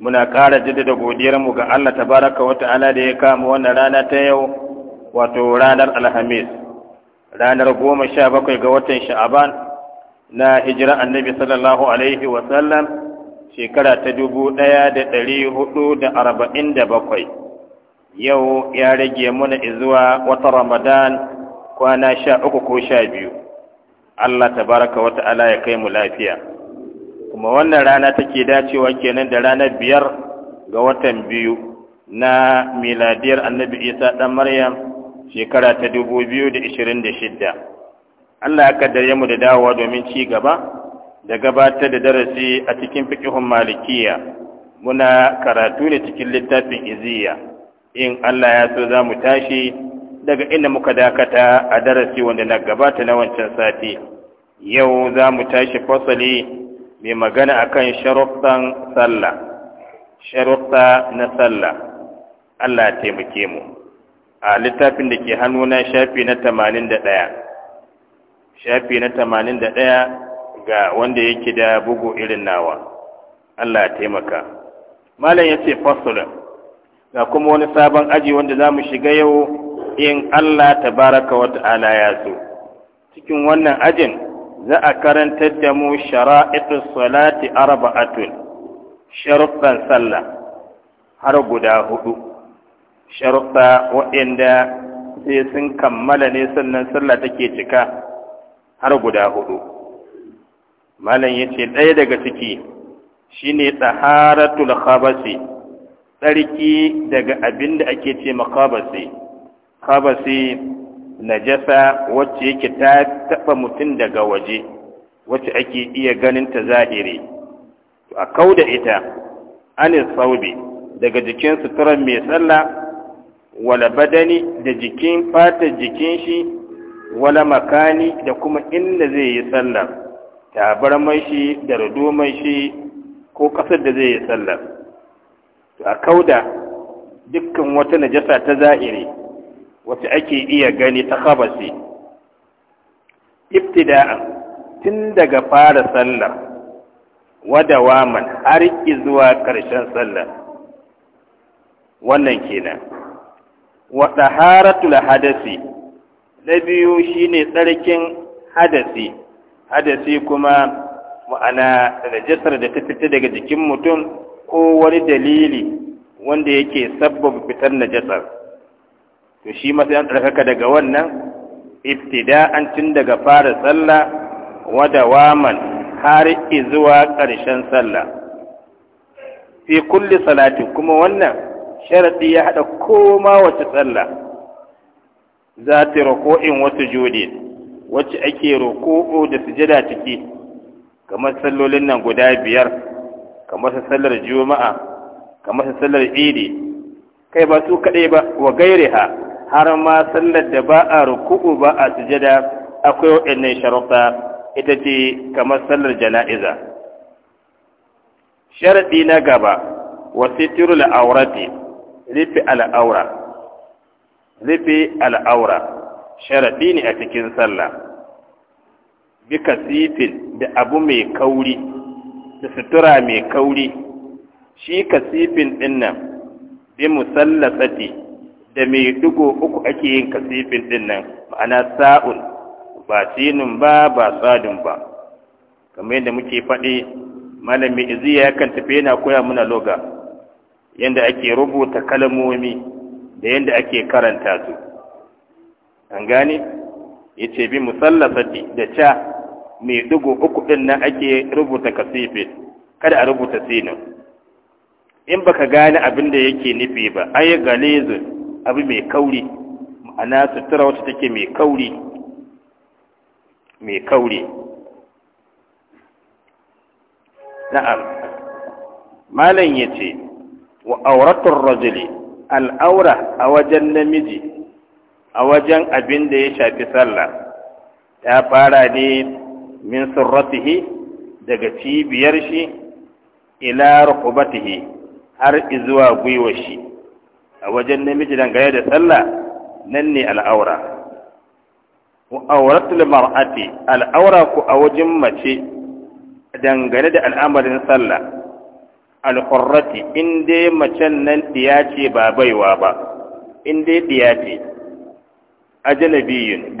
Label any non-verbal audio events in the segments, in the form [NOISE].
muna ƙara jaddada godiyarmu ga Allah tabaraka wa ta'ala da ya kama wannan rana ta yau wato ranar alhamis ranar goma sha bakwai ga watan sha'aban na hijira annabi sallallahu alaihi wa sallam shekara ta dubu ɗaya da ɗari hudu da arba'in da bakwai yau ya rage mana zuwa wata ramadan kwana sha uku ko sha biyu Allah tabaraka wa ta'ala ya kai mu lafiya kuma wannan rana take dacewa kenan da ranar biyar ga watan biyu na miladiyar annabi isa ɗan maryam shekara ta dubu biyu da ishirin da shidda allah ya kaddare mu da dawowa domin ci gaba da gabatar da darasi a cikin fikihun malikiya muna karatu ne cikin littafin iziya in Allah ya so za mu tashi daga inda muka dakata a darasi wanda na gabata na wancan sati yau za mu tashi fasali mai magana akan sharuɗan sallah sharuɗa na sallah Allah ya taimake mu a littafin da ke hannuna shafi na tamanin da ɗaya shafi na tamanin da ɗaya ga wanda yake da bugu irin nawa Allah ya taimaka malam ya ce fasulun ga kuma wani sabon aji wanda za mu shiga yau in Allah Ta-baraka wata ala ya so cikin wannan ajin za a karantar da mu shara'itus salati arba'atun sharuɗan sallah har guda hudu sharuɗa waɗanda sai sun kammala ne sannan sallah take cika har guda hudu malam ya ce ɗaya daga ciki shine taharatul khabasi tsarki daga abin da ake ce makabasi kabasi najasa wacce yake ta taɓa mutum daga waje wacce ake iya ganin ta zahiri a kau ita anis saube daga jikin suturar mai sallah wala badani da jikin fatar jikin shi wala makani da kuma inda zai yi tabar mai shi da mai shi ko ƙasar da zai yi to a kauda dukkan wata najasa ta za'iri wacce ake iya gani ta khabasi ibtida'a tun daga fara sallar man har zuwa ƙarshen sallar wannan kenan wa taharatul hadasi na biyu shine tsarkin hadasi hadasi kuma ma'ana najasar da ta fita daga jikin mutum ko wani dalili wanda yake sabbaba fitar najasar to shi masu 'yan tsarkaka daga wannan ibtida'an tun daga fara sallah wa waman har izuwa ƙarshen sallah fi kulle salati kuma wannan sharadi ya haɗa koma wata sallah za ta roko'in wata jode wacce ake roko'o da sujada ciki kamar sallolin nan guda biyar kamar sallar juma'a kamar sallar idi kai ba su kaɗai ba wa ha? har ma sallar da ba a ruku'u ba a sujada akwai waɗannan sharuɗa ita ce kamar sallar jana'iza sharaɗi na gaba wasitiru al'aurati rufe al'aura rufe al'aura sharaɗi ne a cikin sallah bi kasifin da abu mai kauri da sutura mai kauri shi kasifin ɗin nan bi musallasati da mai dugo uku ake yin kasifin din nan ma'ana sa'un ba sinin ba ba sadun ba kamar yadda muke faɗi malami iziya yakan tafi yana koya muna loga yadda ake rubuta kalmomi da yadda ake karanta su an gane ya ce bi musallafati da ca mai dugo uku din nan ake rubuta kasifin kada a rubuta sinin in baka gane abin da yake nufi ba ai galizun abu mai kauri ma'ana sutura wacce take mai kauri mai kauri na'am malam ya ce wa auratun rajuli al'aura a wajen namiji a wajen abin da ya shafi sallah ya fara ne min surratihi daga cibiyar shi ila rukubatihi har izuwa gwiwar shi a wajen namiji dangane da sallah nan ne al'aura auratul mar'ati al'aura ku a wajen mace dangane da al'amarin sallah al-hurrati in dai macen nan diya ce ba baiwa ba in dai diya ce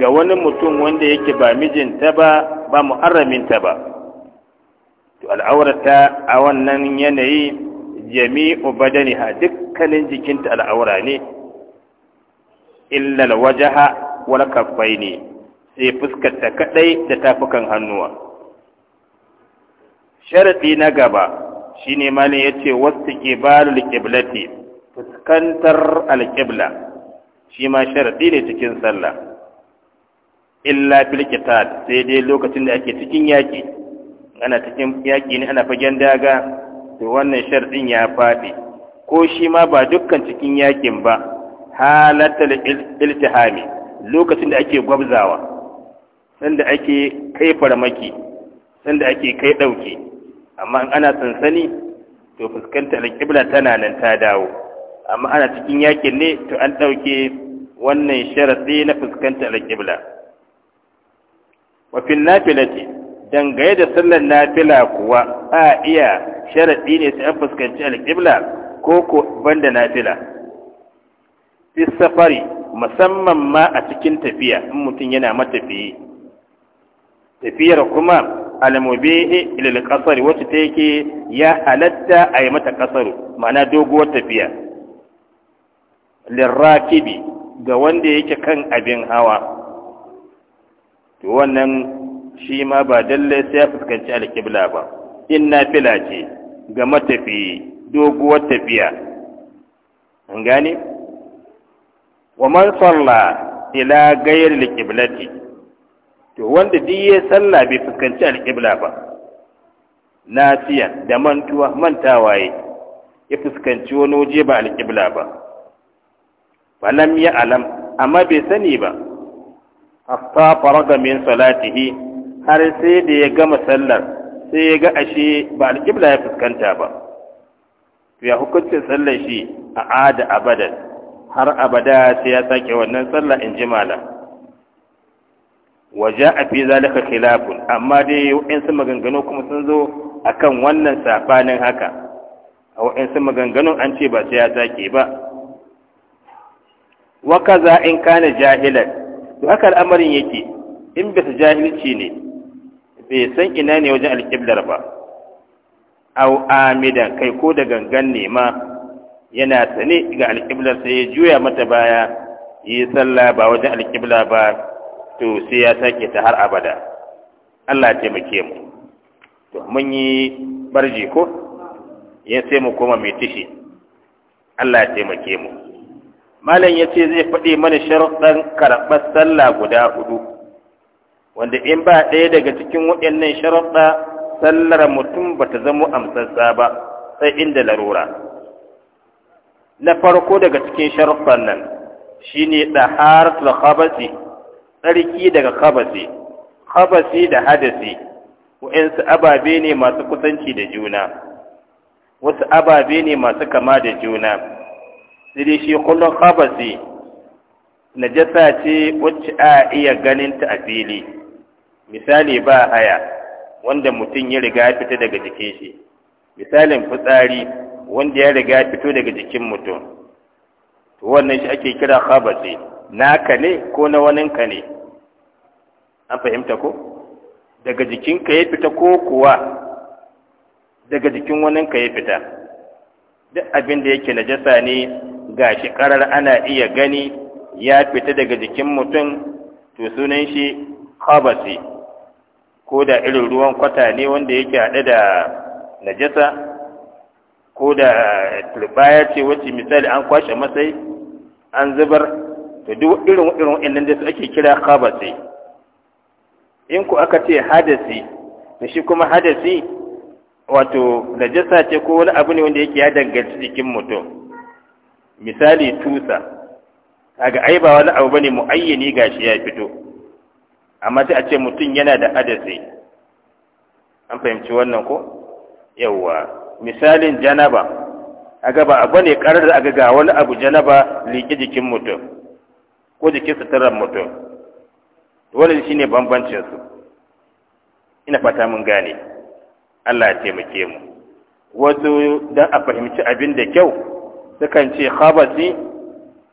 ga wani mutum wanda yake ba mijinta ba ba muharraminta ba to al'aurata a wannan yanayi jami'u badaniha dukkanin jikinta al'aura ne illal wajaha wal kaffaini sai fuskar ta kadai da tafukan hannuwa sharadi na gaba shine malin yace wastiqbalul qiblati fuskantar alqibla shi ma sharadi ne cikin sallah illa fil qital sai dai lokacin da ake cikin yaki ana cikin yaki ne ana fagen daga to wannan sharɗin ya faɗi ko shi ma ba dukkan cikin yakin ba halatar iltihami lokacin da ake gwabzawa sanda ake kai farmaki sanda ake kai ɗauki amma in ana sansani to fuskantar alƙibla tana nan ta dawo amma ana cikin yakin ne to an ɗauke wannan sharaɗi na fuskantar alƙibla wafin nafilati dangane da sallar nafila kuwa a iya sharaɗi ne sai an fuskanci alƙibla ko ko banda nafila fi safari musamman ma a cikin tafiya in mutum yana matafiye tafiyar kuma almubihi ilal qasar wacce ta yake ya halatta a yi mata qasaru ma'ana doguwar tafiya lirakibi ga wanda yake kan abin hawa to wannan shi ma ba dalle sai ya fuskanci alƙibla ba in nafila ce ga matafi doguwar tafiya an gane wa man salla ila gayar likiblati, to wanda duk ya salla bai fuskanci alqibla ba nasiya da mantuwa mantawa ya fuskanci wani waje ba alqibla ba falam ya alam amma bai sani ba hatta faraga min salatihi har sai da ya gama sallar sai ya ga ashe ba alƙibla ya fuskanta ba to ya hukuncin sallar shi a ada abadan har abada sai ya sake wannan sallah in ji malam waje a fi zalika khilafun amma dai waɗansu maganganu kuma sun zo a kan wannan safanin haka a waɗansu maganganu an ce ba sai ya sake ba wa kaza in kana jahilan to haka al'amarin yake in bisa jahilci ne bai san ina ne wajen alƙiblar ba au amidan kai ko da gangan ne ma yana sane ga alƙiblar sai ya juya mata baya yi sallah ba wajen alƙibla ba to sai ya sake ta har abada Allah taimake mu to mun yi barji ko ya sai mu koma mai tishi Allah taimake mu malam ya ce zai faɗi mana sharuɗan karɓar sallah guda hudu wanda in ba ɗaya daga cikin waɗannan sharaɗa sallar mutum ba ta zama amsassa ba sai inda larura na farko daga cikin sharaɗan nan shi ne shine da khabasi tsarki daga khabasi khabasi da hadasi wa'insu ababe ne masu kusanci da juna wasu ababe ne masu kama da juna sai dai shi kullum khabasi najasa ce wacce a iya ganin ta a fili misali ba haya wanda mutum ya riga ya fita daga jikin shi misalin fitsari wanda ya riga ya fito daga jikin mutum to wannan shi ake kira na naka ne ko na waninka ne an fahimta ko daga jikinka ya fita ko kuwa daga jikin waninka ya fita duk abin da yake najasa ne ga shi karar ana iya gani ya fita daga jikin mutum to sunan shi khabati ko da irin ruwan kwata ne wanda yake haɗe da najasa ko da turbaya ce wacce misali an kwashe masai an zubar to duk irin irin waɗannan da su ake kira khabasi in ku aka ce hadasi to shi kuma hadasi wato najasa ce ko wani abu ne wanda yake ya danganci jikin mutum misali tusa kaga ai ba wani abu bane muayyani gashi ya fito amma sai a ce mutum yana da hadasi an fahimci wannan ko yawwa misalin janaba aga ba abu ne karar da aga ga wani abu janaba liƙi jikin mutum ko jikin suturar mutum wani shine ne bambancinsu ina fata mun gane Allah ya taimake mu wasu dan a fahimci abin da kyau sukan ce khabasi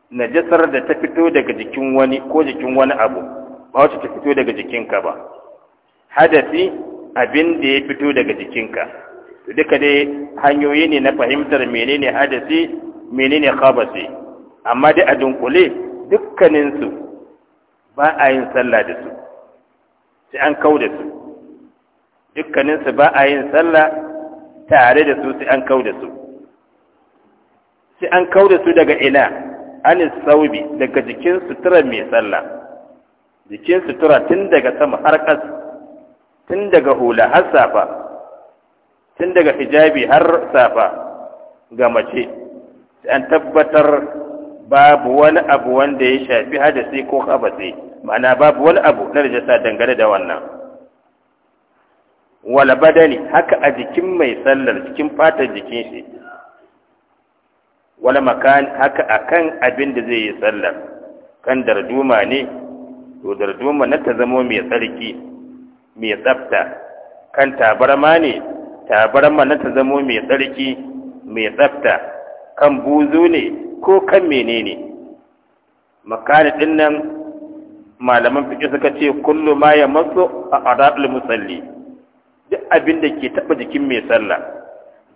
najasar da ta fito daga jikin wani ko jikin wani abu ba wacce ta fito daga jikinka ba hadasi abin da ya fito daga jikinka to duka dai hanyoyi ne na fahimtar menene hadasi menene khabasi amma dai a dunkule dukkaninsu ba a yin sallah da su sai an kau da su dukkaninsu ba a yin sallah tare da su sai an kau da su sai an kau da su daga ina anis saubi daga jikin sutura mai sallah jikin sutura tun daga sama har ƙasa tun daga hula har safa tun daga hijabi har safa ga mace an tabbatar babu wani abu wanda ya shafi hadasi ko kabasi ma'ana babu wani abu na rijista dangane da wannan wala badani haka a jikin mai sallar jikin fatar jikin shi wala makan haka akan abin da zai yi sallar kan darduma ne to darduma na ta zamo mai tsarki mai tsafta kan tabarma ne tabarma na ta zamo mai tsarki mai tsafta kan buzu ne ko kan menene makani din nan malaman fiƙi suka ce kullu ma ya maso a arabul musalli duk abin da ke taɓa jikin mai sallah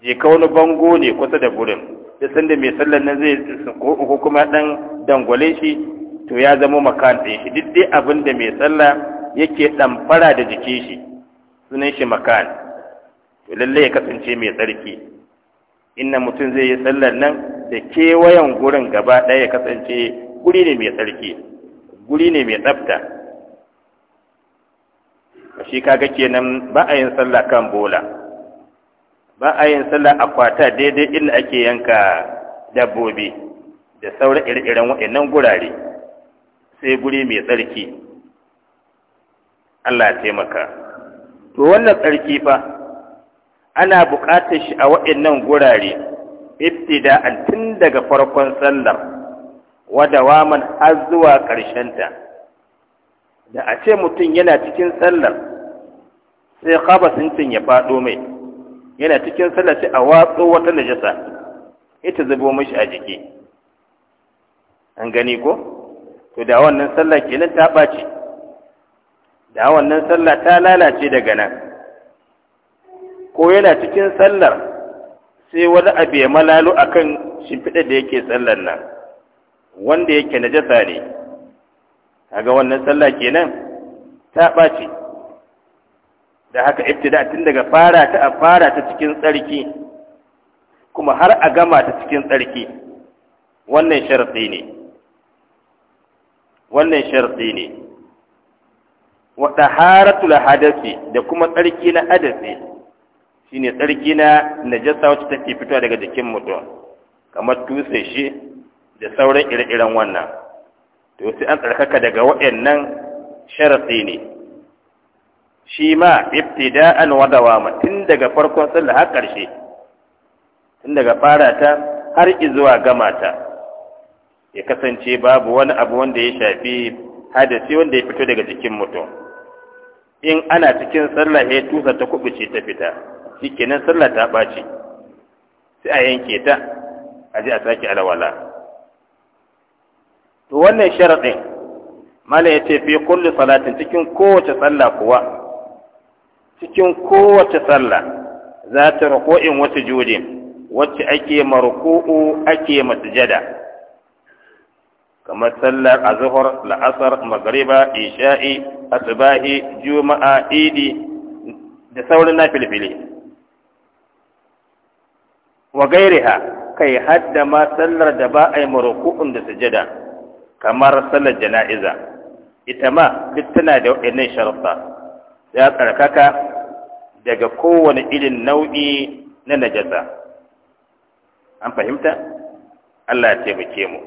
je ka wani bango ne kusa da gurin da sanda mai sallar nan zai ko kuma dan dangwale shi to ya zama makan ɗin shi duk dai abin da mai tsalla yake ɗamfara da jikin shi sunan shi makan to lallai ya kasance mai tsarki inna mutum zai yi sallar nan da kewayen gurin gaba ɗaya ya kasance guri ne mai tsarki guri ne mai tsafta shi kaga kenan ba a yin sallah kan bola ba a yin sallah a kwata daidai inda ake yanka dabbobi da sauran ire-iren waɗannan gurare sai guri mai tsarki Allah ya taimaka to wannan tsarki fa ana buƙatar shi a waɗannan gurare ibtida'an tun daga farkon sallar wa dawaman har zuwa ƙarshen ta. da a ce mutum yana cikin sallar sai kaba sintin ya faɗo mai yana cikin sallar sai a watso wata najasa ita zubo mashi a jiki an gani ko to da wannan sallah kenan ta ɓace da wannan sallah ta lalace daga nan ko yana cikin sallar sai wani abu ya malalo akan shimfiɗa da yake sallar nan wanda yake jasa ne kaga wannan sallah kenan ta ɓace da haka ibtida tun daga fara ta a fara ta cikin tsarki kuma har a gama ta cikin tsarki wannan sharaɗi ne wannan sharti ne wa taharatul hadasi da kuma tsarki na hadasi shine tsarki na najasa wacce take fitowa daga jikin mutum kamar tuse shi da sauran ire-iren wannan to sai an tsarkaka daga waɗannan sharti ne shi ma ibtida'an wa dawama tun daga farkon sallah har ƙarshe tun daga fara ta har izuwa gama ta ya kasance babu wani abu wanda ya shafi hadasi wanda ya fito daga jikin mutum in ana cikin sallah ya eh, tusa ta kubuce ta fita shikenan sallah ta ɓaci sai a yanke ta a je a sake alawala. to wannan sharaɗin malam yace fi kulli salatin cikin kowace sallah kuwa cikin kowace sallah za ta in wata judin wacce ake maruku'u ake masujada kamar sallar azhar la'asar magriba isha'i asbahi juma'a idi da sauran filfili wa gairiha kai hadda ma sallar da ba a yi maruku'un da sujada kamar sallar jana'iza ita ma duk tana da waɗannan sharuɗa ya tsarkaka daga kowane irin nau'i na najasa an fahimta Allah ya taimake mu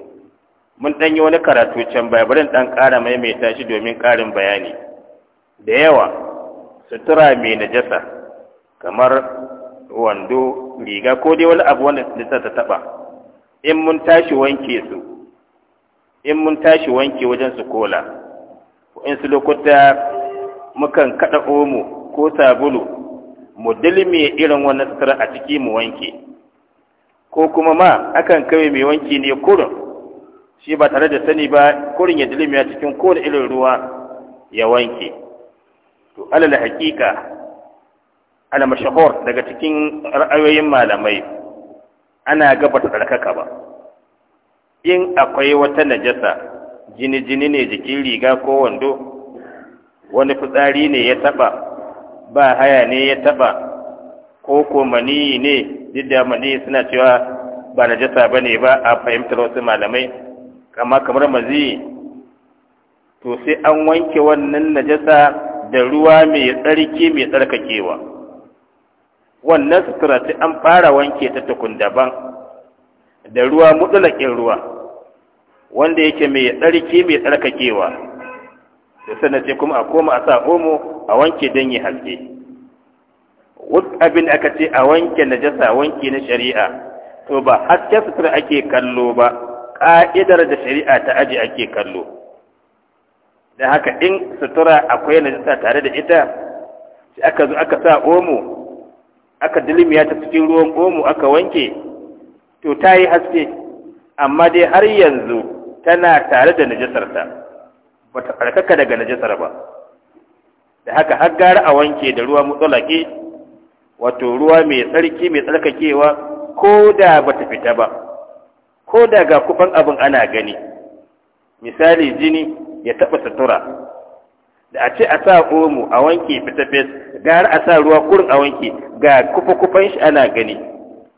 mun ɗan yi wani karatu can baya bari ɗan ƙara maimaita shi domin ƙarin bayani da yawa sutura mai najasa kamar wando riga ko dai wani abu wanda najasa ta taɓa in mun tashi wanke su in mun tashi wanke wajen su kola in su lokuta mukan kaɗa omo ko sabulu mu dilme irin wannan sutura a ciki mu wanke ko kuma ma akan kawai mai wanki ne kurun? shi ba tare da sani ba kurin ya dilimiya cikin kowane irin ruwa ya wanke to alal haƙiƙa al mashahur daga cikin ra'ayoyin malamai ana gaba ta tsarkaka ba in akwai wata najasa jini jini ne jikin riga ko wando wani fitsari ne ya taba ba haya ne ya taba ko ko ne duk da suna cewa ba najasa bane ba a fahimtar wasu malamai amma kamar mazi to sai an wanke wannan najasa da ruwa mai tsarki mai tsarkakewa wannan sutura sai an fara wanke ta tukun daban da ruwa mutsulakin ruwa wanda yake mai tsarki mai tsarkakewa da sannan sai kuma a koma a sa omo a wanke don yi haske wut abin aka ce a wanke najasa wanke na shari'a to ba hasken sutura ake kallo ba ƙa'idar da shari'a ta aji ake kallo da haka in sutura akwai najasa tare da ita sai aka zo aka sa omo aka dilimiya ta cikin ruwan omo aka wanke to ta yi haske amma dai har yanzu tana tare da najasarta ba ta karkaka daga najasar ba da haka har gara a wanke da ruwa mutsalake wato ruwa mai tsarki mai tsarkakewa ko da ba ta fita ba ko da ga kufan abin ana gani misali jini ya taɓa sutura da a ce a sa omo a wanke fitafes gara a sa ruwa kurin a wanke ga kufa-kufan shi ana gani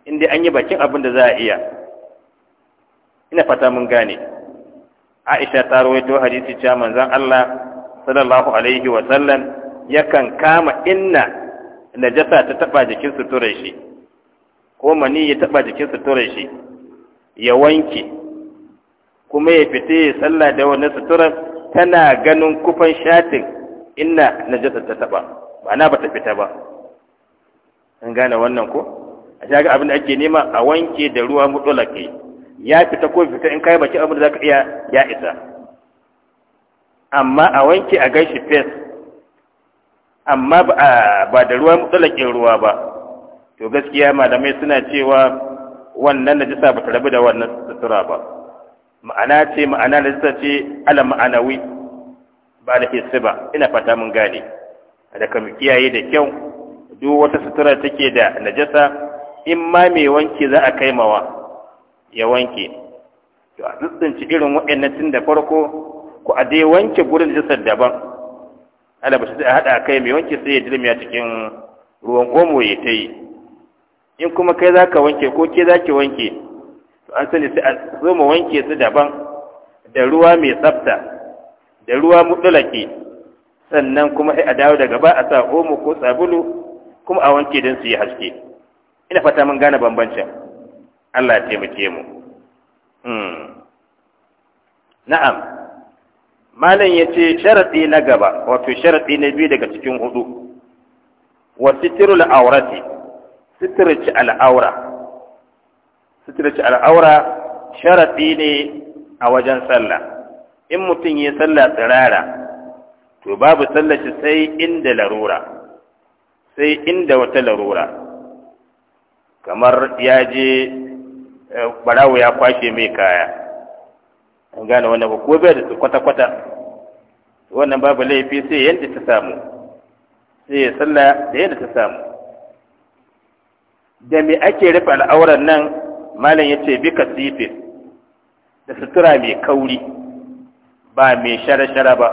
inda an yi bakin abin da za a iya ina fata mun gane aisha ta rawaito hadisi cewa manzon Allah sallallahu alaihi wa sallam yakan kama inna najasa ta taba jikin suturar shi ko mani ya taba jikin suturar shi ya wanke kuma ya fita ya sallah da wannan suturar tana ganin kufan shatin inna najasa ta taba ma'ana ba ta fita ba an gane wannan ko a shaga abin da ake nema a wanke da ruwa mutulake ya fita ko fita in kai baki abin da zaka iya ya isa amma a wanke a gashi fes amma ba da ruwa mutulakin ruwa ba to gaskiya malamai suna cewa wannan najisa ba ta rabu da wannan sutura ba ma'ana ce ma'ana najisa ce ala ma'anawi ba da hissi ba ina fata mun gane da mu kiyaye da kyau duk wata sutura take da najasa in ma mai wanki za a kai mawa. ya wanke to a tsintsinci irin waɗannan tun da farko ko a dai wanke gurin da daban ala ba shi da haɗa kai mai wanki sai ya dilmiya cikin ruwan omo ya ta yi in kuma kai za ka wanke ko ke za ki wanke to an sani sai a zo mu wanke su daban da ruwa mai tsafta da ruwa mutsulake sannan kuma sai a dawo daga ba a sa omo ko sabulu kuma a wanke don su yi haske ina fata mun gane bambancin Allah ya taimake mu hmm. na'am malam yace sharadi na gaba wato sharadi na biyu daga cikin hudu wa sitrul awrati sitirci al'aura sitirci al'aura sharaɗi ne a wajen sallah in mutum ya sallah tsirara to babu sallah shi sai inda larura sai inda wata larura kamar ya je barawo ya kwashe mai kaya an gane wannan ba ko bai da su kwata-kwata wannan babu laifi sai yadda ta samu sai ya sallah da yadda ta samu da me ake rufe al'auran nan malam yace bi kasifin da sutura mai kauri ba mai shara-shara ba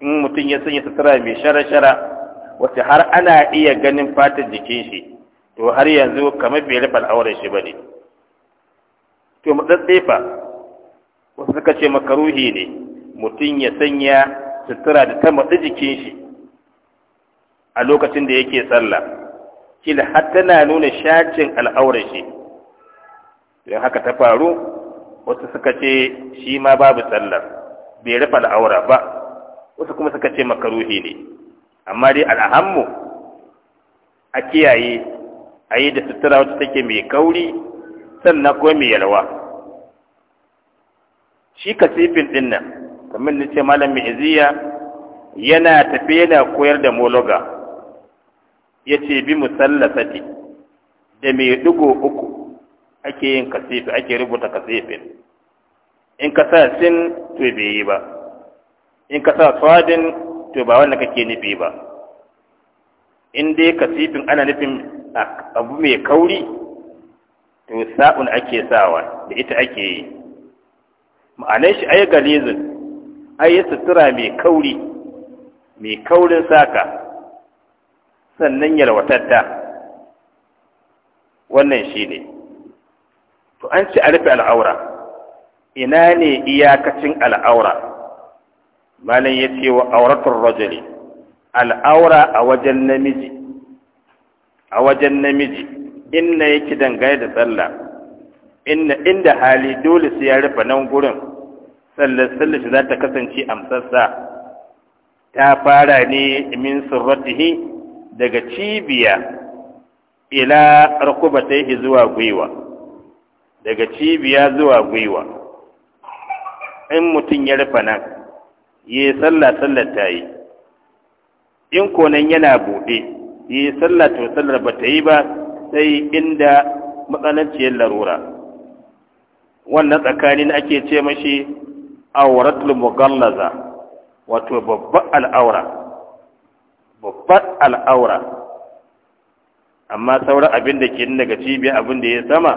in mutum ya sanya sutura mai shara-shara wacce har ana iya ganin fatan jikin shi to har yanzu kamar bai rufe al'auran shi bane to mu tsaitsefa wasu suka ce makaruhi ne mutum ya sanya sutura da ta matsi jikin shi a lokacin da yake sallah kil har tana nuna shacin al'aurar shi don haka ta faru wasu suka ce shi ma babu sallar bai rufe al'aura ba wasu kuma suka ce makaruhi ne amma dai al'ahammu a kiyaye a yi da sutura wacce take mai kauri sannan ko mai yalwa shi kasifin ɗin nan kamar ni ce malam mai iziya yana tafiye yana koyar da mologa ya ce bi musallafati da mai digo uku ake yin kasifi ake rubuta kasifin in ka sa sin to bai yi ba in ka sa swadin to ba wanda kake nufi ba in dai kasifin ana nufin abu mai kauri to sa'un ake sawa da ita ake yi ma'anar shi ai galizin ai sutura mai kauri mai kaurin saka sannan yalwatatta wannan shi ne to an ce a rufe al'aura ina ne iyakacin al'aura malam ya ce wa auratun rajali al'aura a wajen namiji a wajen namiji inna yake dangane da tsalla inna inda hali dole sai ya rufe nan gurin tsallar tsallar shi za ta kasance amsassa ta fara ne min surratihi daga cibiya ila rukubataihi zuwa gwiwa daga cibiya zuwa gwiwa in mutum ya rufa nan yi sallah sallar ta yi in konan yana buɗe yi sallah to sallar ba ta yi ba sai inda matsananciyar larura wannan tsakanin ake ce mashi auratul mughallaza wato babban al'aura babbar al'aura amma sauran abin da ke daga cibiya abin da ya sama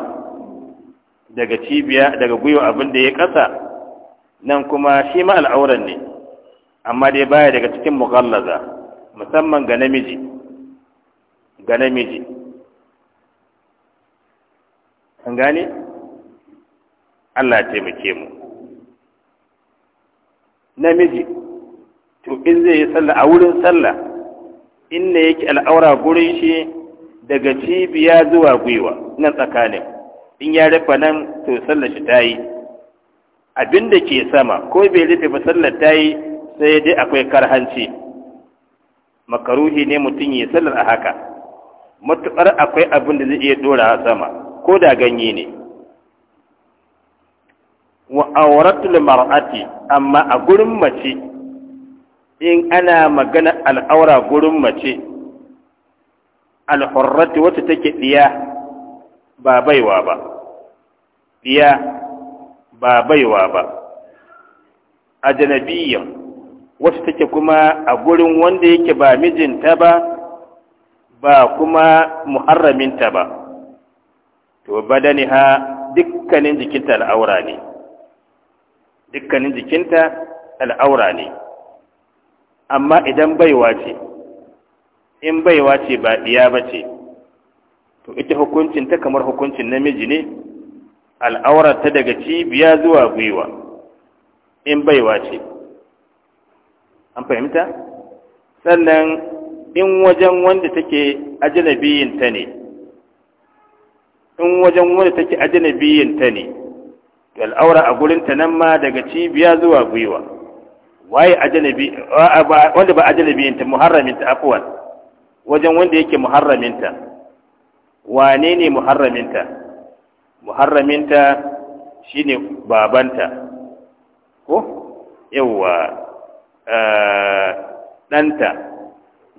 daga cibiya daga gwiwa abin da ya ƙasa nan kuma shi ma al'auran ne amma dai baya daga cikin mughallaza musamman ga namiji ga namiji an gane Allah ya taimake mu namiji to in zai yi sallah a wurin sallah inda yake al'aura gurin shi daga cibiya zuwa gwiwa nan tsakanin in ya rufe nan to sallar shi ta yi abin da ke sama ko bai rufe ba sallar ta yi sai dai akwai karhanci makaruhi ne mutum ya sallar a haka matuƙar akwai abin da zai iya dora sama ko da ganye ne wa auratul mar'ati amma a gurin mace in ana magana al'aura gurin mace alhurrati wata take ɗiya ba baiwa ba ɗiya ba baiwa ba a janabiyya wacce take kuma a gurin wanda yake ba mijinta ba ba kuma muharraminta ba to ha dukkanin jikinta al'aura ne dukkanin jikinta al'aura ne amma idan baiwa ce in baiwa ce ba ɗiya ba ce to ita hukuncin ta kamar hukuncin namiji ne ta daga cibiya zuwa gwiwa in baiwa ce an fahimta sannan in wajen wanda take ta ne in wajen wanda take ta ne al'aura a gurinta nan ma daga cibiya zuwa gwiwa waye ajnabi wanda ba ajnabiyin ta muharramin ta afwan wajen wanda yake muharramin ta wane ne muharramin ta muharramin ta shine babanta ko yawa eh, ɗanta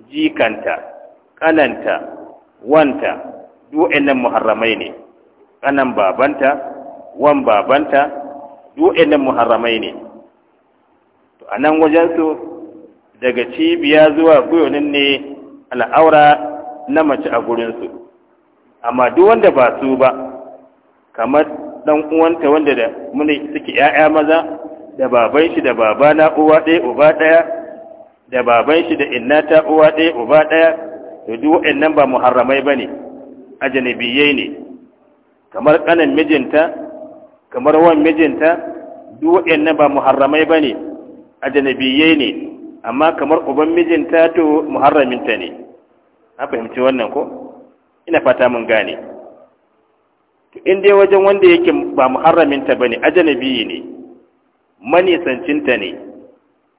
jikanta ƙananta wanta nan muharramai ne ƙanan babanta wan babanta nan muharramai ne a nan wajensu daga cibiya zuwa guyonin ne al'aura na mace a gurinsu amma duk wanda ba su ba kamar ɗan uwanta wanda da muni suke ‘ya'ya maza da baban shi da baba na uwa ɗaya uba ɗaya da baban shi da inna ta uwa ɗaya uba ɗaya da duk waɗannan ba muharramai ba ne a janibiyai ne kamar ƙanan mijinta kamar wan mijinta duk waɗannan ba muharramai ba ne ajanabiye ne amma kamar uban mijinta to muharraminta ne Na fahimci wannan ko ina fata mun gane to in dai wajen wanda yake ba muharraminta ba ne ajanabiye ne manisancinta ne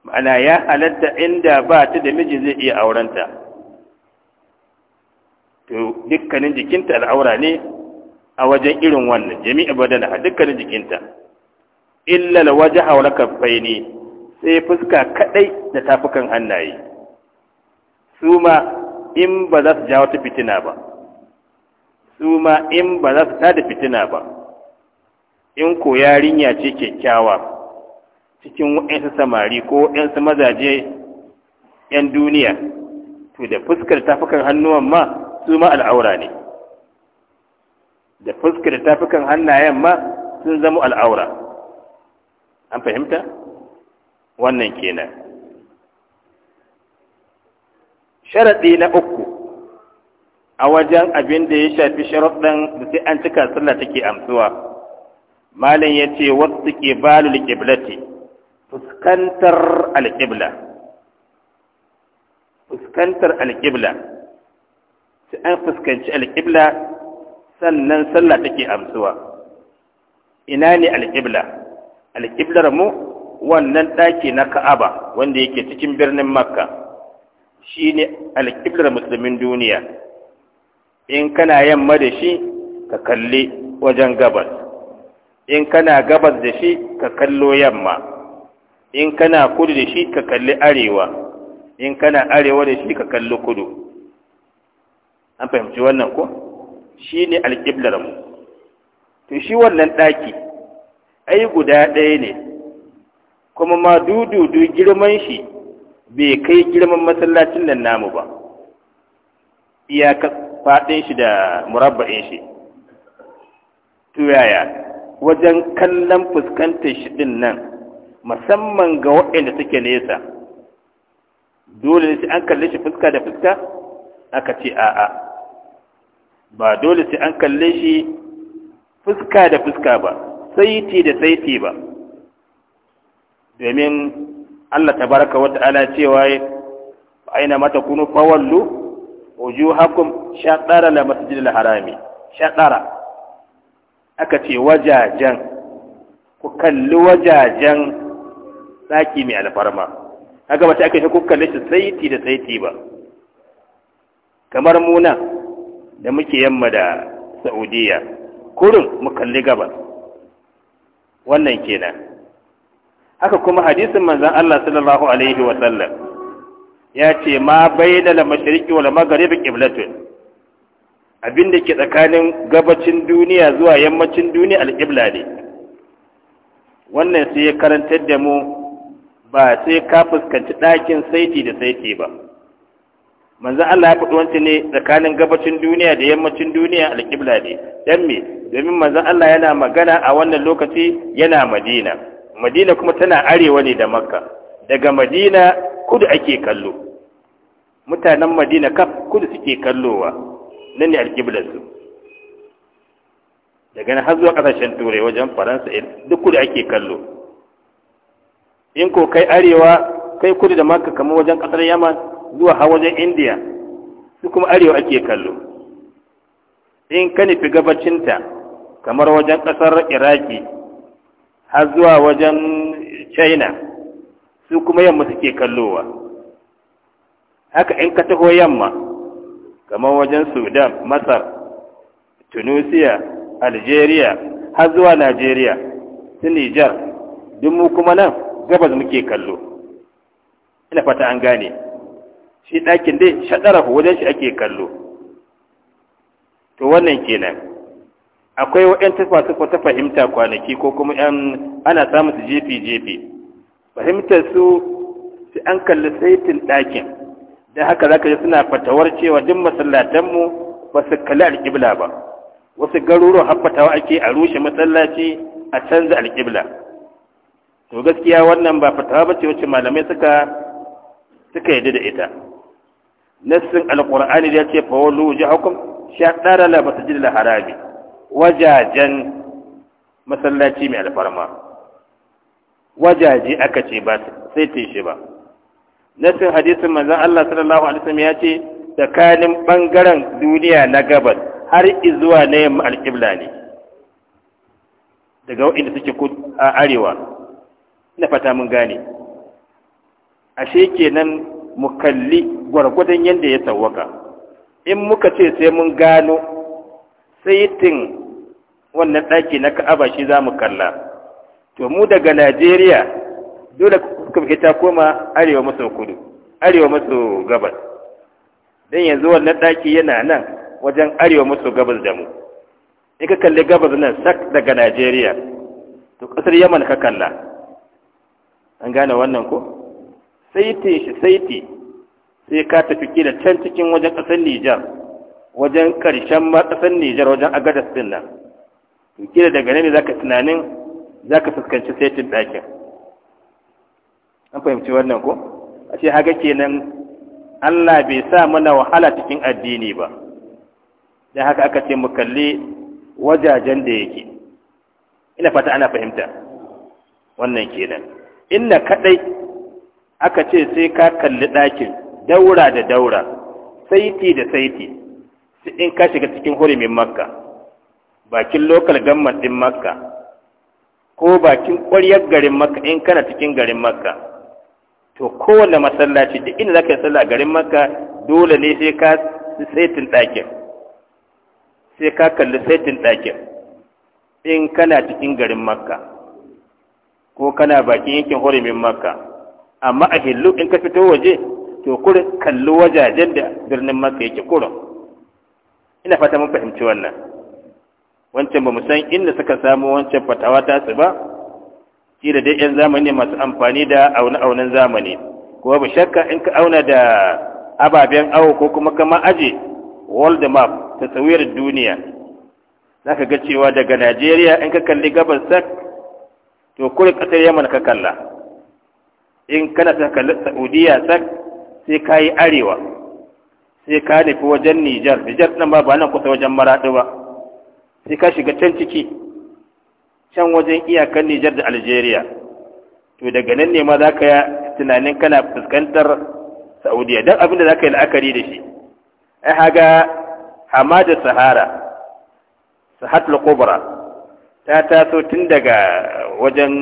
ma'ana ya halatta inda ba ta da miji zai iya aurenta to dukkanin jikinta al'aura ne a wajen irin wannan jami'a badana dukkanin jikinta illa waje haura kafai ne sai fuska kadai da tafukan hannaye su ma in ba za su ja wata fitina ba su ma in ba za su tada fitina ba in ko yarinya ce kyakkyawa cikin waɗansu samari ko waɗansu mazaje 'yan duniya to da fuskar tafukan hannuwan ma su ma al'aura ne da fuskar tafukan hannayen ma sun zama al'aura an fahimta? wannan kenan sharaɗi na uku a wajen abin da ya shafi sharaɗin da sai an cika sallah take amsuwa malam ya ce wasu ke balu alƙiblati fuskantar alƙibla fuskantar alƙibla sai an fuskanci alƙibla sannan sallah take amsuwa ina ne alƙibla alƙiblar mu wannan ɗaki na ka'aba wanda yake cikin birnin makka shi ne alƙiblar musulmin duniya in kana yamma da shi ka kalli wajen gabas in kana gabas da shi ka kallo yamma in kana kudu da shi ka kalli arewa in kana arewa da shi ka kalli kudu an fahimci wannan ko shi ne alƙiblar mu to shi wannan ɗaki ai guda ɗaya ne kuma ma dududu girman shi bai kai girman masallacin nan namu ba iyaka faɗin shi da murabba'in shi to yaya wajen kallon fuskantar shi din nan musamman ga waɗanda suke nesa dole sai an kalle shi fuska da fuska aka ce a'a ba dole sai an kalle shi fuska da fuska ba saiti da saiti ba domin Allah ta baraka wa ta'ala cewa aina mata kunu fawallu wujuhakum shaɗara la masjidil harami shaɗara aka ce wajajen ku kalli wajajen tsaki mai alfarma gaba mace aka ce ku kalli shi saiti da saiti ba kamar muna da muke yamma da saudiya kurin mu kalli gabas wannan kenan haka kuma hadisin manzon Allah sallallahu alaihi wa sallam ya ce ma bayyana la mashriqi wal maghribi qiblatun abin da ke tsakanin gabacin duniya zuwa yammacin duniya alƙibla ne wannan sai ya karantar da mu ba sai ka fuskanci ɗakin saiti da saiti ba manzo Allah ya faɗi wancan ne tsakanin gabacin duniya da yammacin duniya alƙibla ne dan me domin manzo Allah yana magana a wannan lokaci yana Madina madina kuma tana arewa ne da makka daga madina kudu ake kallo mutanen madina kaf kudu suke kallowa nan ne alƙiblarsu daga nan har zuwa ƙasashen turai wajen faransa eh, duk kudu ake kallo in ko kai arewa kai kudu da maka kamar wajen ƙasar yaman zuwa har wajen indiya su kuma arewa ake kallo in ka nufi gabacinta kamar wajen ƙasar iraki har zuwa wajen china su kuma yamma suke kallowa haka in ka taho yamma kamar wajen sudan masar tunisia algeria har zuwa nigeria su nijar duk mu kuma nan gabas muke kallo ina fata an gane shi ɗakin dai shaɗarafu wajen shi ake kallo to wannan kenan akwai waɗanta masu kwata fahimta kwanaki ko kuma yan ana samun su jefi-jefi fahimtar su su an kalli saitin ɗakin don haka za ka suna fatawar cewa duk masallatanmu ba su kalli alƙibla ba wasu garuruwan haffatawa ake a rushe masallaci a canza alƙibla to gaskiya wannan ba fatawa ba ce wacce malamai suka suka yarda da ita nassin alƙur'ani da ya ce fa wani wallu shi sha tsara la masjidil harabi wajajen masallaci mai alfarma wajaje aka ce ba sai ta shi ba nasin hadisin manzon Allah sallallahu alaihi wasallam ya ce tsakanin ɓangaren duniya na gabas har zuwa na yamma alƙibla ne daga waɗanda suke a arewa na fata mun gane ashe kenan mu kalli gwargwadon yadda ya sawwaka in muka ce sai mun gano saitin wannan ɗaki na ka'aba shi za mu kalla to mu daga najeriya dole kuka ta koma arewa maso kudu arewa maso gabas don yanzu wannan ɗaki yana nan wajen arewa maso gabas da mu in ka kalli gabas nan sak daga najeriya to ƙasar yaman ka kalla an gane wannan ko saitin shi saiti sai ka tafi kila can cikin wajen ƙasar nijar wajen karshen matsasan Nijar wajen agadas din nan kila daga nan ne zaka tunanin zaka fuskanci saitin ɗakin an fahimci wannan ko a ce haka kenan Allah bai sa mana wahala cikin addini ba don haka aka ce mu kalli wajajen da yake ina fata ana fahimta wannan kenan inna kadai aka ce sai ka kalli ɗakin daura da daura saiti da saiti Sai in ka shiga cikin hurumin makka bakin lokal gamman din makka ko bakin ƙwaryar garin makka in kana cikin garin makka to kowane masallaci da inda za ka yi sallah garin makka dole ne sai ka saitin ɗakin sai ka kalli saitin ɗakin in kana cikin garin makka ko kana bakin yankin hurumin makka amma a hillu in ka fito waje to kurin kalli wajajen da birnin makka yake kurin ina fata mun fahimci wannan wancan ba mu san inda suka samu wancan fatawa ta su ba shi da dai 'yan zamani masu amfani da aune-aunen zamani kuma ba shakka in ka auna da ababen awo ko kuma kama aje world map ta tsawiyar duniya za ka ga cewa daga najeriya in ka kalli gabas sak to kuri ƙasar yaman ka kalla in kana ta kalli saudiya sak sai ka yi arewa sai ka nufi wajen Nijar Nijar nan ba ba nan kusa wajen Maraɗi ba sai ka shiga can ciki can wajen iyakan Nijar da Algeria to daga nan ne ma za ka tunanin kana fuskantar Saudiya don abin da za ka yi la'akari da shi ai haga hamada sahara sahatul kubra ta taso tun daga wajen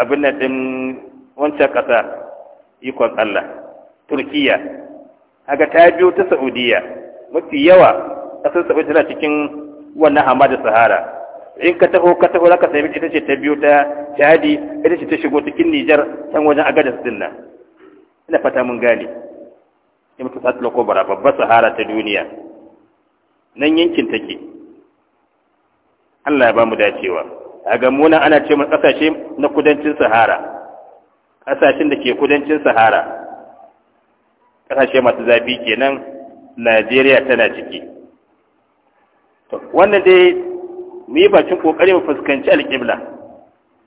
abin nan ɗin wancan ƙasa ikon Allah turkiyya. aga ta biyo ta Saudiya mafi yawa ƙasar Saudiya tana cikin wannan hamada Sahara in ka taho ka taho ka sami ita ce ta biyo ta jadi ita ce ta shigo cikin Niger can wajen Agadez su nan ina fata mun gane in ta tsatlo ko bara babbar Sahara ta duniya nan yankin take Allah ya ba mu dacewa A mu nan ana ce mu kasashe na kudancin Sahara kasashen da ke kudancin Sahara ƙasashe masu zafi kenan najeriya tana ciki wannan dai mu yi bacin ƙoƙari mu fuskanci alƙibla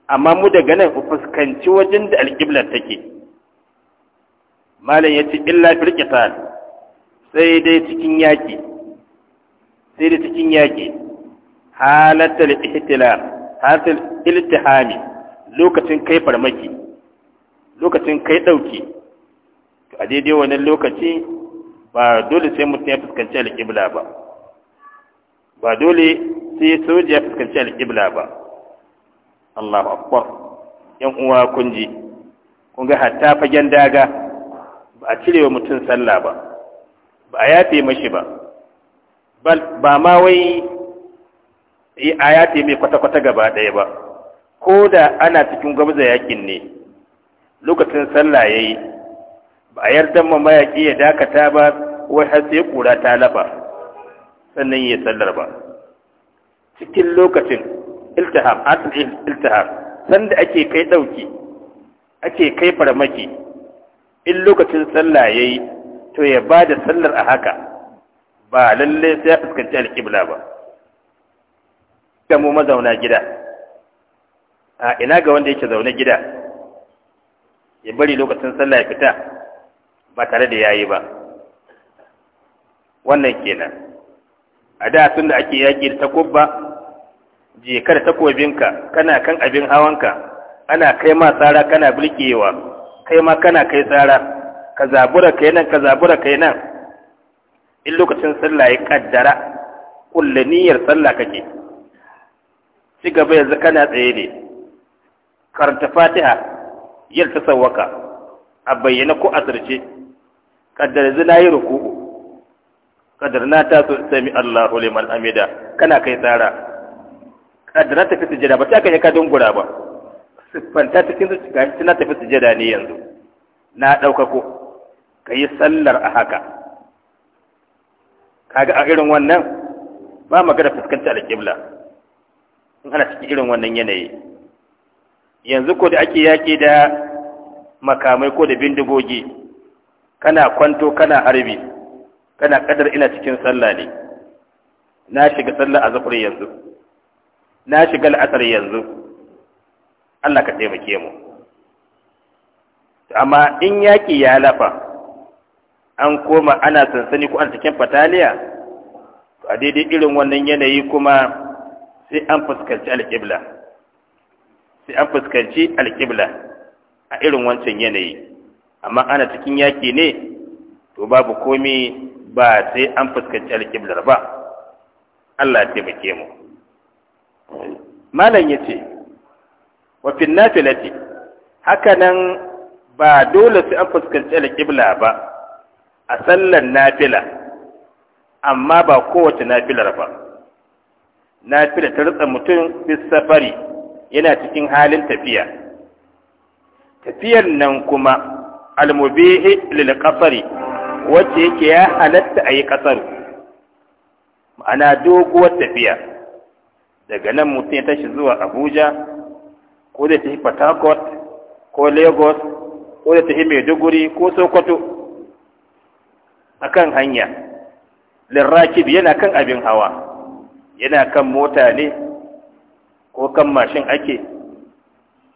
amma mu daga nan mu fuskanci wajen da alƙiblar take malam ya ce illa firƙital sai dai cikin yaƙi sai dai cikin yaƙi halattar ihtilam halattar iltihami lokacin kai farmaki lokacin kai ɗauki a daidai wannan lokaci ba dole sai mutum ya fuskanci alƙibla ba ba dole sai soja ya fuskanci alƙibla ba Allah akbar yan uwa kun ji kun ga hatta fagen daga ba a cire wa mutum sallah ba ba a yafe mashi ba ba ma wai a yafe mai kwata-kwata gaba ɗaya ba ko da ana cikin gwamza yakin ne lokacin sallah ya yi ba a yarda ma mayaƙi ya dakata ba wai har sai ƙura ta lafa sannan ya sallar ba cikin lokacin iltihar asalin iltihar sanda ake kai ɗauki ake kai farmaki in lokacin sallah ya yi to ya ba da sallar a haka ba lallai sai ya fuskanci alƙibla ba ga mu mazauna gida a ina ga wanda yake zaune gida ya bari lokacin sallah ya fita ba tare da yayi ba wannan kenan a da tun da ake yaƙi da takobba je kada takobinka kana kan abin hawanka ana kai ma tsara kana bulkewa kai ma kana kai tsara ka zabura kai nan ka zabura kai nan in lokacin sallah ya kaddara kulle niyyar sallah kake ci gaba yanzu kana tsaye ne karanta fatiha yar ta sawwaka a bayyana ko asirce kaddar zina yi ruku'u kaddar na ta so sami Allahu liman amida kana kai tsara kaddar na tafi sujada ba ta kai ka dungura ba siffanta cikin zuciya na tafi sujada ne yanzu na dauka ka yi sallar a haka kaga a irin wannan ba magana fuskanta alƙibla in ana cikin irin wannan yanayi yanzu ko da ake yaƙi da makamai ko da bindigogi kana kwanto kana harbi kana kadar ina cikin sallah ne na shiga sallah a yanzu na shiga al'asar yanzu Allah ka taimake mu amma in yaki ya lafa an koma ana sansani ko an cikin fataliya a daidai irin wannan yanayi kuma sai an fuskanci alƙibla sai an fuskanci alƙibla a irin wancan yanayi amma ana cikin yaƙi ne to babu komi ba sai an fuskanci alƙiblar ba Allah ya taimake mu malam yace wa fil nafilati hakanan ba dole sai an fuskanci alƙibla ba a sallar nafila amma ba kowace nafilar ba nafila ta rutsa mutum bis safari yana cikin halin tafiya tafiyar nan kuma almubihi lil wacce yake ya halatta ayi kasar ma'ana doguwar tafiya daga nan mutum ya tashi zuwa Abuja ko da tafi patakot ko Lagos ko da tafi Maiduguri ko Sokoto akan hanya lirrakib yana kan abin hawa yana kan mota ne ko kan mashin ake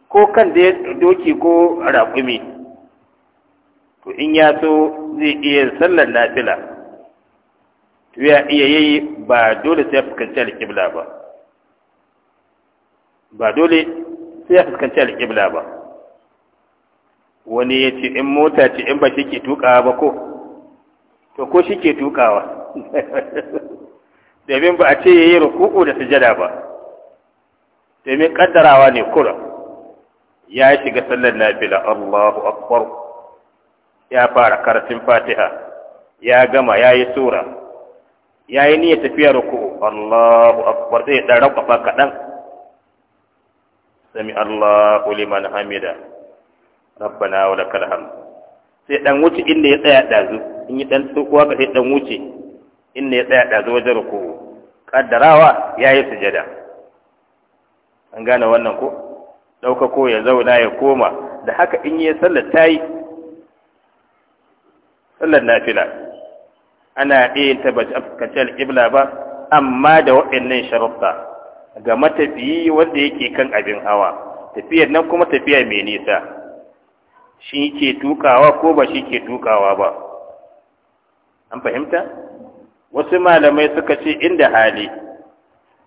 ko kan da doki ko raƙumi to in ya so zai iya sallar nafila to ya iya yi ba dole sai ya fuskanci alƙibla ba ba dole sai ya fuskanci alƙibla ba wani ya ce in mota ce in ba shi ke tukawa ba ko to ko shi ke tukawa [LAUGHS] domin ba a ce ya yi rukuku da sujada ba domin kaddarawa ne kura ya shiga sallar nafila Allahu akbar ya fara karatun fatiha ya gama ya yi sura ya yi niyyar tafiya ruku Allahu akbar zai dan rabba kaɗan sami Allahu liman hamida rabbana wa lakal hamd sai dan wuce inda ya tsaya dazu in yi dan tsokuwa ka sai dan wuce inda ya tsaya dazu wajen ruku kaddarawa ya yi sujada an gane wannan ko ɗaukako ya zauna ya koma da haka in yi sallar ta yi sallar nafila ana iya ta ba fuskanci alƙibla ba amma da waɗannan sharuɗa ga matafiyi wanda yake kan abin hawa tafiyar nan kuma tafiya mai nisa shi ke tukawa ko ba shi ke tukawa ba an fahimta wasu malamai suka ce inda hali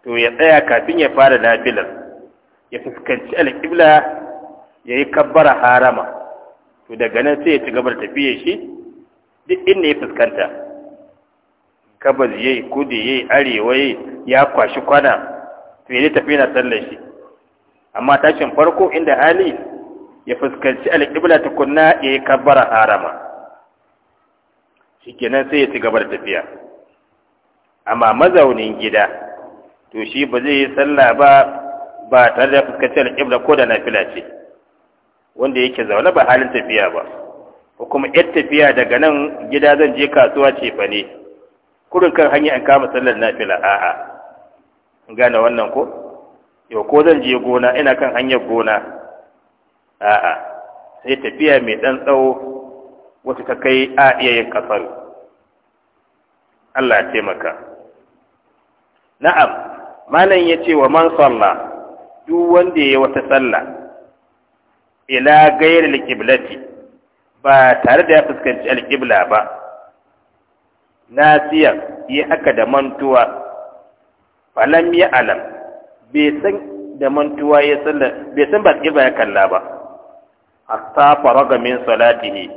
to ya tsaya kafin ya fara nafilar ya fuskanci alƙibla ya yi kabbara harama to daga nan sai ya ci gaba da tafiyar shi duk inda ya fuskanta kabas kudi ya yi arewa ya kwashi kwana to yayi tafi na sallar shi amma tashin farko inda hali ya fuskanci alƙibla kunna ya yi kabbara harama kenan sai ya ci gaba da tafiya amma mazaunin gida to shi ba zai yi sallah ba ba tare da fuskanci alƙibla ko da na fila ce wanda yake zaune ba halin tafiya ba ko kuma yar tafiya daga nan gida zan je kasuwa ce fa ne kurin kan hanya in kama sallar nafila a'a in gane wannan ko yau ko zan je gona ina kan hanyar gona a'a sai tafiya mai ɗan tsawo wata ta kai a iya yin kasar Allah ya taimaka na'am malam ya ce wa man sallah duk wanda ya yi wata sallah ila gairil qiblati ba tare da ya fuskanci alƙibla ba nasiyan yi haka da mantuwa falam ya alam bai san da mantuwa ya sallar bai san ba alƙibla ya kalla ba A safa min salatihi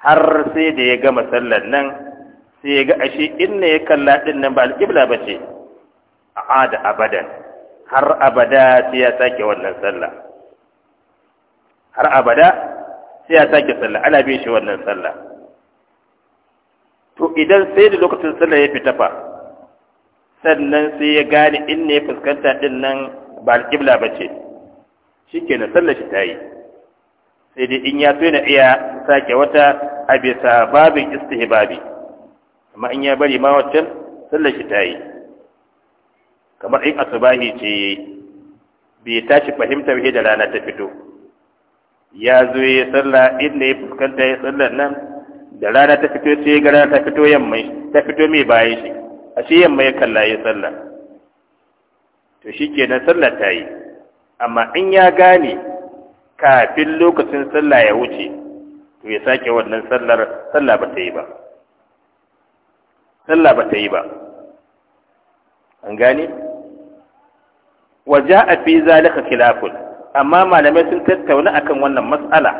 har sai da ya gama sallar nan sai ya ga ashe inna ya kalla din nan ba alƙibla ba ce a da abadan har abada sai ya sake wannan sallah har abada sai ya sake sallah ana bin shi wannan sallah to idan sai da lokacin sallah ya fita fa sannan sai ya gane in ne fuskanta din nan ba alƙibla ba ce shikenan sallah shi ta yi sai dai in ya so yana iya sake wata a bisa babin istihbabi amma in ya bari ma waccan sallah shi ta yi kamar in asubahi ce bai tashi fahimtar da rana ta fito ya zo ya sallah inda ya fuskanta ya sallar nan da rana ta fito ce ga rana ta fito yamma ta fito mai bayan shi a shi yamma ya kalla ya salla. to shi kenan sallar ta yi amma in ya gane kafin lokacin sallah ya wuce to ya sake wannan sallar sallah ba ta yi ba sallah ba ta yi ba an gane wa ja'a fi zalika khilafun amma malamai sun tattauna akan wannan matsala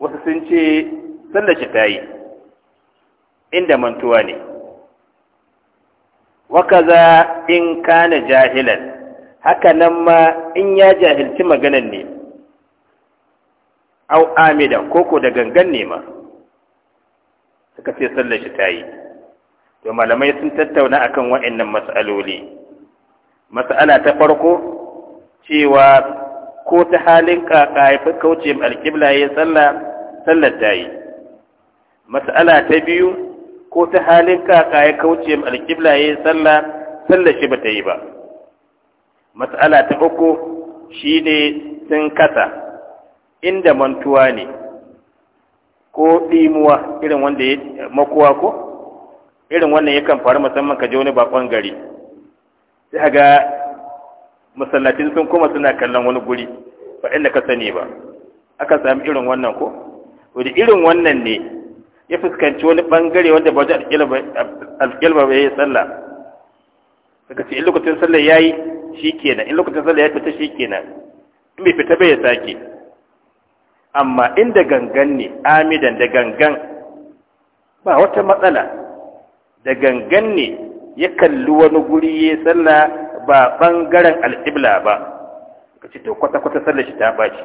wasu sun ce sallar shi ta yi inda mantuwa ne wakaza in kana jahilan haka nan ma in ya jahilci maganan ne au amida koko da gangan ne ma suka ce sallar shi ta yi to malamai sun tattauna akan wa'annan matsaloli matsala ta farko cewa ko ta halin kaka ya fi kauce alƙibla ya sallah sallar ta yi mas'ala ta biyu ko ta halin kaka ya kauce alƙibla ya sallah sallar shi ba ta yi ba mas'ala ta uku ne sun kasa inda mantuwa ne ko ɗimuwa irin wanda ya makuwa ko irin wannan yakan faru musamman ka je wani bakon gari sai ga masallacin sun koma suna kallon wani guri ba inda ka sani ba aka sami irin wannan ko wadda irin wannan ne ya fuskanci wani bangare wanda ba wajen alƙilba ba ya yi sallah daga ce in lokacin sallah ya yi shi kenan in lokacin sallah ya fita shi kenan in bai fita bai ya sake amma inda gangan ne amidan da gangan ba wata matsala da gangan ne ya kalli wani guri ya yi sallah ba ɓangaren Al'ibla ba ka ce to kwata-kwata sallar shi ta ɓaci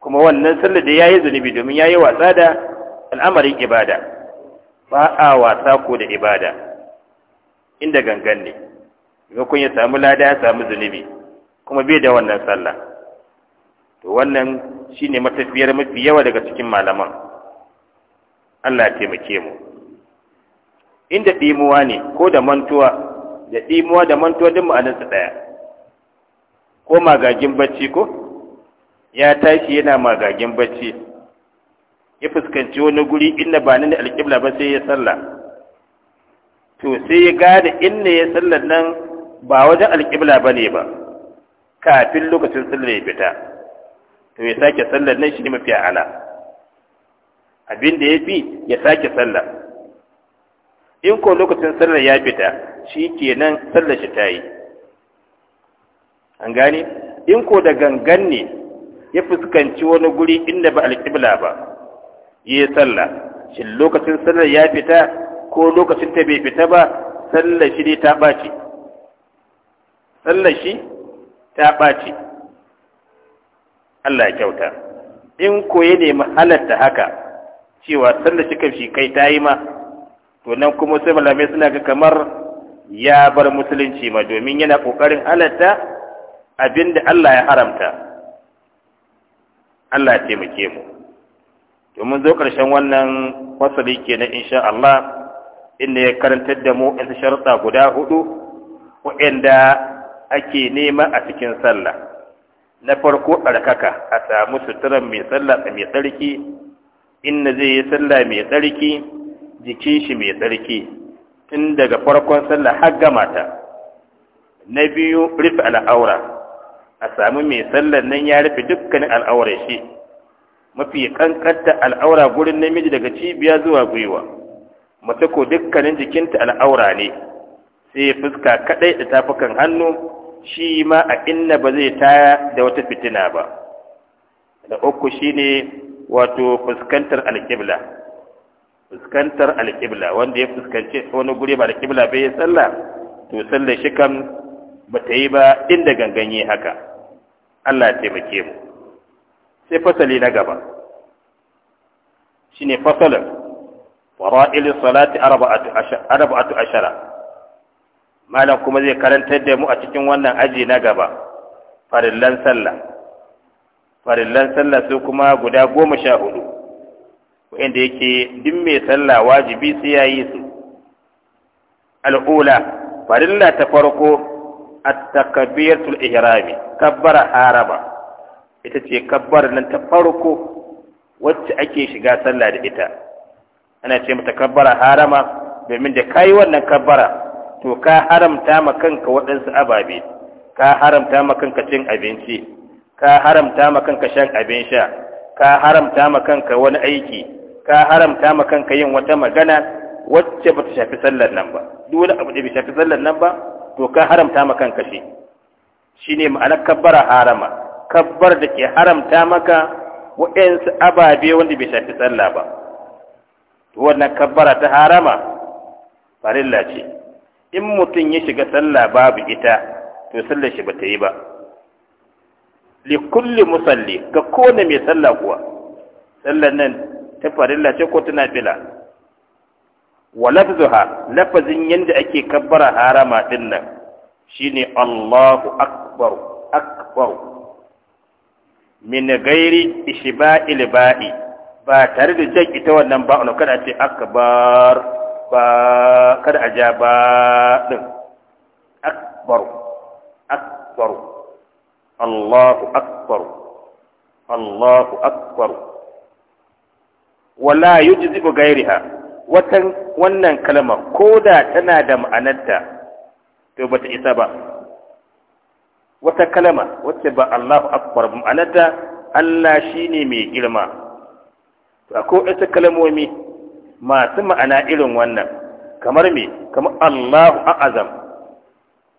kuma wannan sallar da ya yi zunubi domin ya yi wasa da al'amarin ibada ba a wasa ko da ibada inda gangan ne kun ya sami lada ya samu zunubi kuma bai da wannan sallah to wannan shine matafiyar mafi yawa daga cikin malaman Allah taimake mu inda ɗimuwa ne ko da mantuwa da ɗimuwa da manto duk ma'anarsa ɗaya ko magagin bacci ko ya tashi yana magagin bacci ya fuskanci wani guri inda ba ni alƙibla ba sai ya sallah to sai ya gane inda ya sallar nan ba wajen alƙibla ba ne ba kafin lokacin sallar ya fita to ya sake sallar nan shi ne mafi ala abin da ya fi ya sake sallar in ko lokacin sallar ya fita shi kenan sallar shi ta yi an gane in ko da gangan ne ya fuskanci wani guri inda ba alƙibla ba ya yi sallar shi lokacin sallar ya fita ko lokacin ta bai fita ba sallar shi ne ta ɓaci sallar shi ta ɓaci Allah ya kyauta in ko ya nemi halatta haka cewa sallar shi kai ta yi ma to nan kuma sai malamai suna ga kamar ya bar musulunci ma domin yana ƙoƙarin halatta abinda Allah ya haramta Allah ya taimake mu to mun zo karshen wannan fasali kenan insha Allah inda ya karantar da mu in sharuɗa guda hudu waɗanda ake nema a cikin sallah na farko tsarkaka a samu suturan mai sallah mai tsarki inda zai yi sallah mai tsarki jikin shi mai tsarki tun daga farkon sallah har gama ta na biyu rufe al'aura a sami mai sallar nan ya rufe dukkanin al'aurar shi mafi kankanta al'aura gurin namiji daga cibiya zuwa gwiwa mace ko dukkanin jikinta al'aura ne sai fuska kadai da tafukan hannu shi ma a inna ba zai taya da wata fitina ba da uku shine wato fuskantar alƙibla fuskantar alƙibla wanda ya fuskanci wani guri ba alƙibla bai ya sallah to sallar shi kan ba ta yi ba inda ganganye haka Allah ya taimake mu sai fasali na gaba shine fasalin fara'il salati arba'atu ashara malam kuma zai karantar da mu a cikin wannan aji na gaba farillan sallah farillan sallah su kuma guda goma sha hudu wa'inda yake duk mai sallah wajibi sai ya yi su al'ula farilla ta farko a takbiratul ihrami kabbara haraba ita ce kabbara nan ta farko wacce ake shiga sallah da ita ana ce mata kabbara harama domin da kai wannan kabbara to ka haramta ma kanka waɗansu ababe ka haramta ma kanka cin abinci ka haramta ma kanka shan abin sha ka haramta ma kanka wani aiki ka haramta ma kanka yin wata magana wacce ba ta shafi sallar nan ba duk wani abu da bai shafi sallar nan ba to ka haramta ma kanka shi shine ma'anar kabbara harama kabbar da ke haramta maka waɗansu ababe wanda bai shafi sallah ba to wannan kabbara ta harama farilla ce in mutum ya shiga sallah babu ita to sallar shi ba ta yi ba li kulli musalli ga kowane mai sallah kuwa sallar nan ta farilla ce ko ta nafila wa lafzuha lafazin yanda ake kabbara harama din nan shine Allahu akbar akbar min gairi ishba'il liba'i ba tare da jan ita wannan ba'un kada ce akbar ba kada a ja ba din akbar akbar Allahu akbar Allahu akbar wala yujzibu gairiha watan wannan kalma ko da tana da ma'anarta to bata isa ba wata kalma wacce ba Allahu akbar ma'anarta Allah shine mai girma to akwai wata kalmomi masu ma'ana irin wannan kamar me kamar Allahu a'azam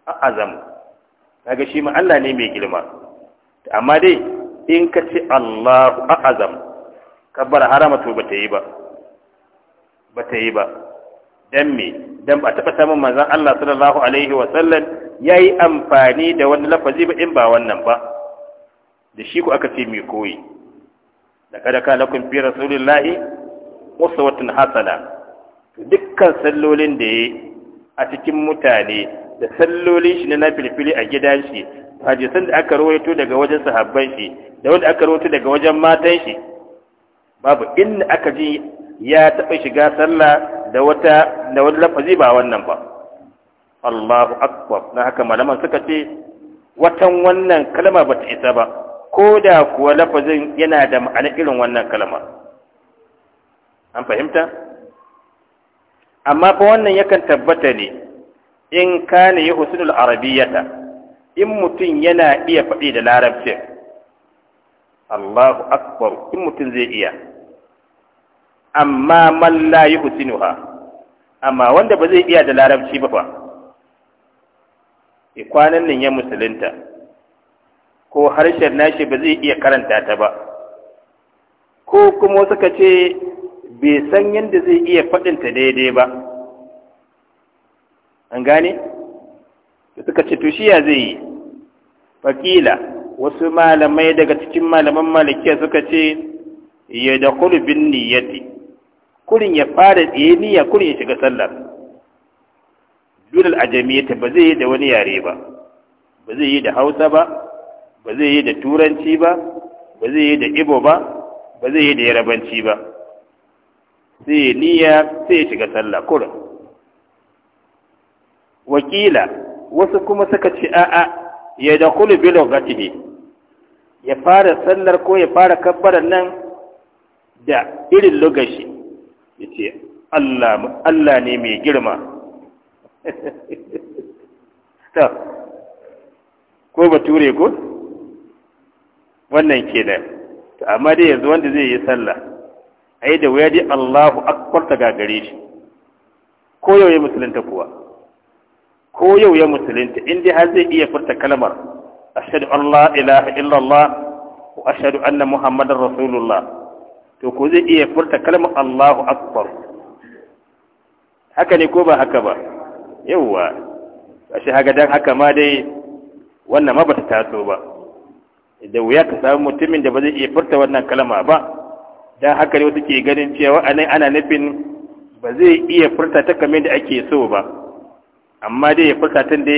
a'azam kaga shi ma Allah ne mai girma amma dai in ka ce Allahu a'azam kabbara harama to ta yi ba ta yi ba dan me dan ba taɓa samun manzon Allah sallallahu alaihi wa sallam yayi amfani da wani lafazi ba in ba wannan ba da shi ku aka ce mai koyi da kada ka lakum fi rasulillahi uswatun hasana dukkan sallolin da yayi a cikin mutane da sallolin shi na nafilfili a gidan shi hadisan da aka rawaito daga wajen sahabban shi da wanda aka rawaito daga wajen matan shi babu inda aka ji ya taɓa shiga sallah da wata da wani lafazi ba wannan ba Allahu akbar na haka malaman suka ce watan wannan kalma bata isa ba ko da kuwa lafazin yana da ma'ana irin wannan kalma an fahimta amma fa wannan yakan tabbata ne in kana ya husnul arabiyyata in mutum yana iya faɗi da larabcin Allahu akbar in mutum zai iya amma man la yuhsinuha amma wanda ba zai iya da larabci ba fa e kwanan nan ya musulunta ko harshen nashi ba zai iya karanta ta ba ko kuma suka ce bai san yadda zai iya ta daidai ba an gane suka ce ya zai yi fakila wasu malamai daga cikin malaman malikiya suka ce ya da bin niyyati kurin ya fara tsaye niyya kurin ya shiga sallar dunal ta ba zai yi da wani yare ba ba zai yi da hausa ba ba zai yi da turanci ba ba zai yi da ibo ba ba zai yi da yarabanci ba sai niyya sai ya shiga sallah kurin wakila wasu kuma suka ce a'a ya da kulu bilo ya fara sallar ko ya fara kabbarar nan da irin lugashi ya ce Allah ne mai girma [LAUGHS] ta ko ture ko wannan kenan to amma dai yanzu wanda zai yi sallah ai da wuya dai Allahu akbar ta gagare shi ko yau ya musulunta kuwa ko yau ya musulunta in har zai iya furta kalmar ashhadu an la ilaha illallah wa ashhadu anna muhammadar rasulullah to ko zai iya furta kalmar Allahu akbar haka ne ko ba haka ba yawwa ashe haka dan haka ma dai wannan ma bata taso ba da wuya ka samu mutumin da ba zai iya furta wannan kalma ba dan haka ne wasu ke ganin cewa anan ana nufin ba zai iya furta ta kamar da ake so ba amma dai ya furta tun da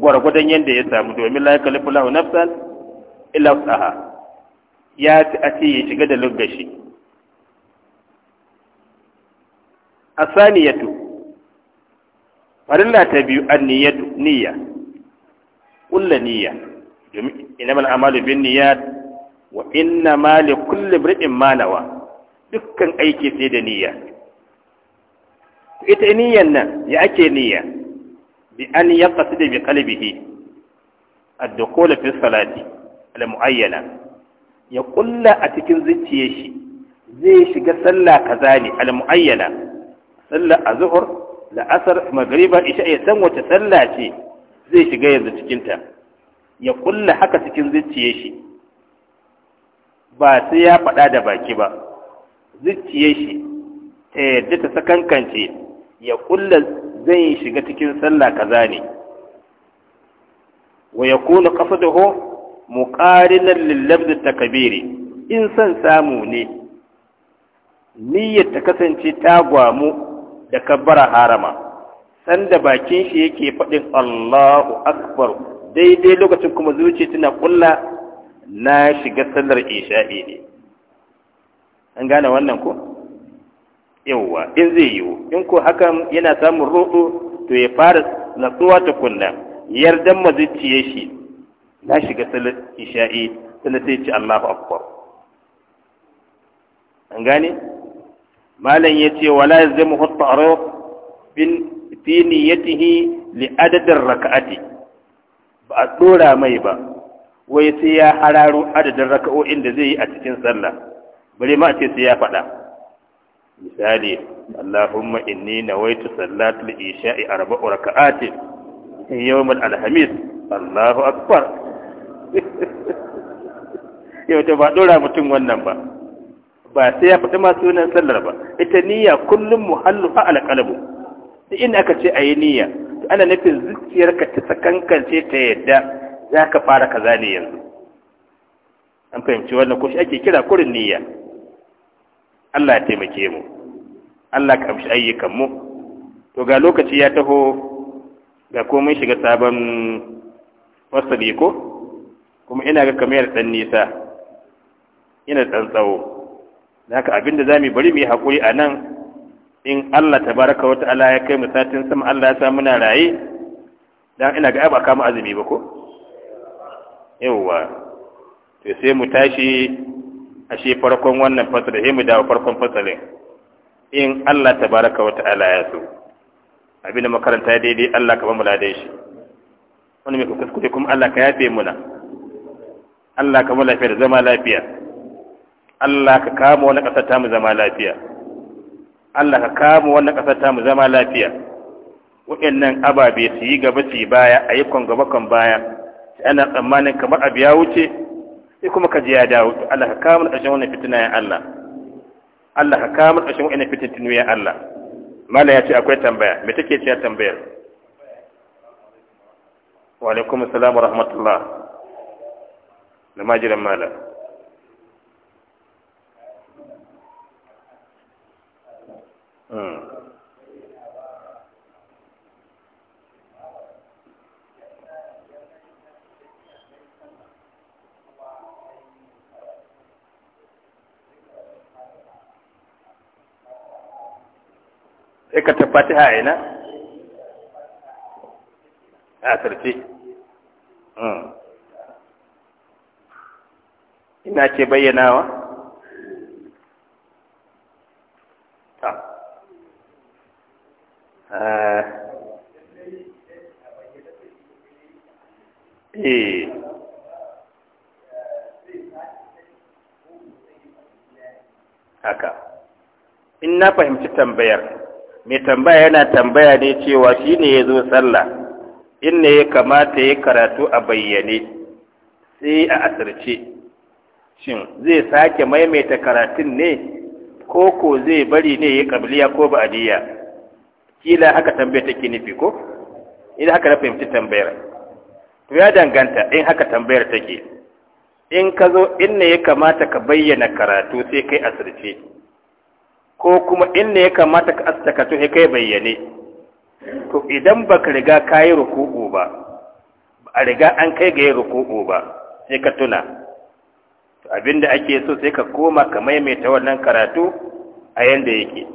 gwargwadon yadda ya samu domin la yakalifu lahu nafsan illa wusaha ya ta ce ya shiga da lugashi asaniyatu farilla ta biyu anniyatu niyya kullu niyya innamal a'malu binniyat wa innama likulli imrin ma nawa dukkan aiki sai da niyya ita niyyan nan ya ake niyya bi an yaqsida bi qalbihi ad-dukhul fi salati al-muayyana ya kulla a cikin zuciyar shi zai shiga sallah kaza ne al-muayyana zuhur da la'asar magriba isha ya san wace sallah ce zai shiga yanzu cikin ya kulla haka cikin zicciye shi ba sai ya faɗa da baki ba zicciye shi ta yadda ta sakankance ya kulla zai shiga cikin sallah kaza ne wa yakunu qasduhu muqarinan lil lafz takabiri in san samu ne niyyar ta kasance ta gwamu da kabbara harama sanda bakin shi yake faɗin Allahu akbar daidai lokacin kuma zuciya tana kulla na shiga sallar isha'i ne an gane wannan ko yawwa in zai yiwu in ko hakan yana samun ruɗu? to ya fara natsuwa kunna yardan mazuciyar shi na shiga sallar isha'i sannan sai ce Allahu akbar an gane malam ya ce wala ya zama hutsaro fi niyyatihi li adadin raka'ati ba a ɗora mai ba wai sai ya hararo adadin raka'o'in da zai yi a cikin sallah bare ma ce sai ya faɗa misali allahumma inni nawaitu salatul isha'i arba'u raka'atin yawmal alhamis allahu akbar [LAUGHS] yau ta ba ɗora mutum wannan ba ba sai ya faɗi masu sunan sallar ba ita niyya kullum muhallu fa alqalbu Sai in aka ce a yi niyya to ana nufin zuciyarka ta sakankance ta yadda zaka fara kaza ne yanzu an fahimci wannan ko shi ake kira kurin niyya Allah ya taimake mu Allah ka amshi ayyukan mu to ga lokaci ya taho ga komai shiga sabon wasabi ko kuma ina ga kamar ɗan nisa ina ɗan tsawo da haka abinda za mu bari mu yi haƙuri a nan in Allah tabaraka wa ta'ala ya kai mu satin sama Allah ya sa muna raye dan ina ga ba kama azumi ba ko yawa to sai mu tashi a shi farkon wannan fasali sai mu dawo farkon fasalin in Allah tabaraka wa ta'ala ya so abinda makaranta daidai Allah ka ba mu ladan shi wani mai kuskure kuma Allah ka yafe muna Allah ka mu lafiya da zama lafiya Allah ka kama wannan ƙasar ta mu zama lafiya Allah ka kama wannan ƙasar ta mu zama lafiya waɗannan ababe su yi gaba su yi baya a yi kwan gaba kwan baya ana tsammanin kamar abu ya wuce sai kuma ka ji ya dawo Allah ka kama ƙarshen wannan fitina ya Allah Allah ka kama ƙarshen wannan fitintinu ya Allah mala ya ce akwai tambaya me take ce tambayar wa alaikum assalam wa rahmatullah na majiran mala sai ka tabbata a ina a sarki? Hmm. ina ce bayyanawa Eh. Eh. haka in na fahimci tambayar mai tambaya yana tambaya ne cewa shi ne ya zo sallah in ne ya kamata ya karatu a bayyane sai a asirce shin zai sake maimaita karatun ne ko ko zai bari ne ya kabiliya ko ba'adiyya kila haka tambayar take nufi ko idan haka na fahimci tambayar to ya danganta in haka tambayar take in ka zo in ne ya kamata ka bayyana karatu sai kai asirce ko kuma in ne ya kamata ka asirce karatu sai kai bayyane to idan baka riga ka yi ruku'u ba a riga an kai ga yin ruku'u ba sai ka tuna abinda ake so sai ka koma ka maimaita wannan karatu a yanda yake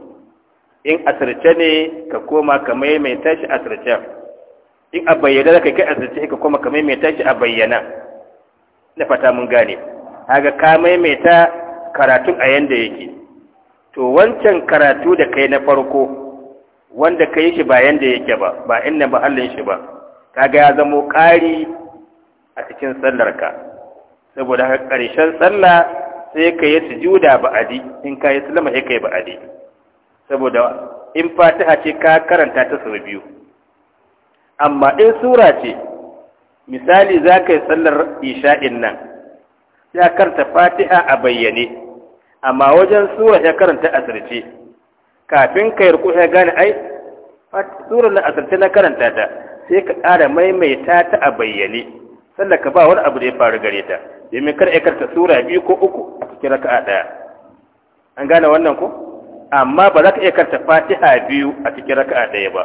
in asirce ne ka koma ka maimaita shi asirce in a bayyana da kai asirce ka koma ka maimaita shi a bayyana na fata mun gane haka ka maimaita karatun a yanda yake to wancan karatu da kai na farko wanda ka yi shi ba yanda yake ba ba inna hallin shi ba kaga ya zamo ƙari a cikin sallar ka saboda haka ƙarshen sallah sai ka yi sujuda ba'adi in ka yi sallama sai ka yi ba'adi saboda in fatiha ce ka karanta ta sau biyu amma in sura ce misali za ka yi tsallar isha'in nan ya karanta fatiha a bayyane amma wajen sura ya karanta asirce kafin ka yarku ya gane ai sura na asirce na karanta ta sai ka ƙara maimaita ta a bayyane sannan ka ba wani abu da ya faru gare ta domin kar ya karta sura biyu ko uku a cikin raka'a ɗaya an gane wannan ko amma ba za ka iya karta fatiha biyu a cikin raka'a ɗaya ba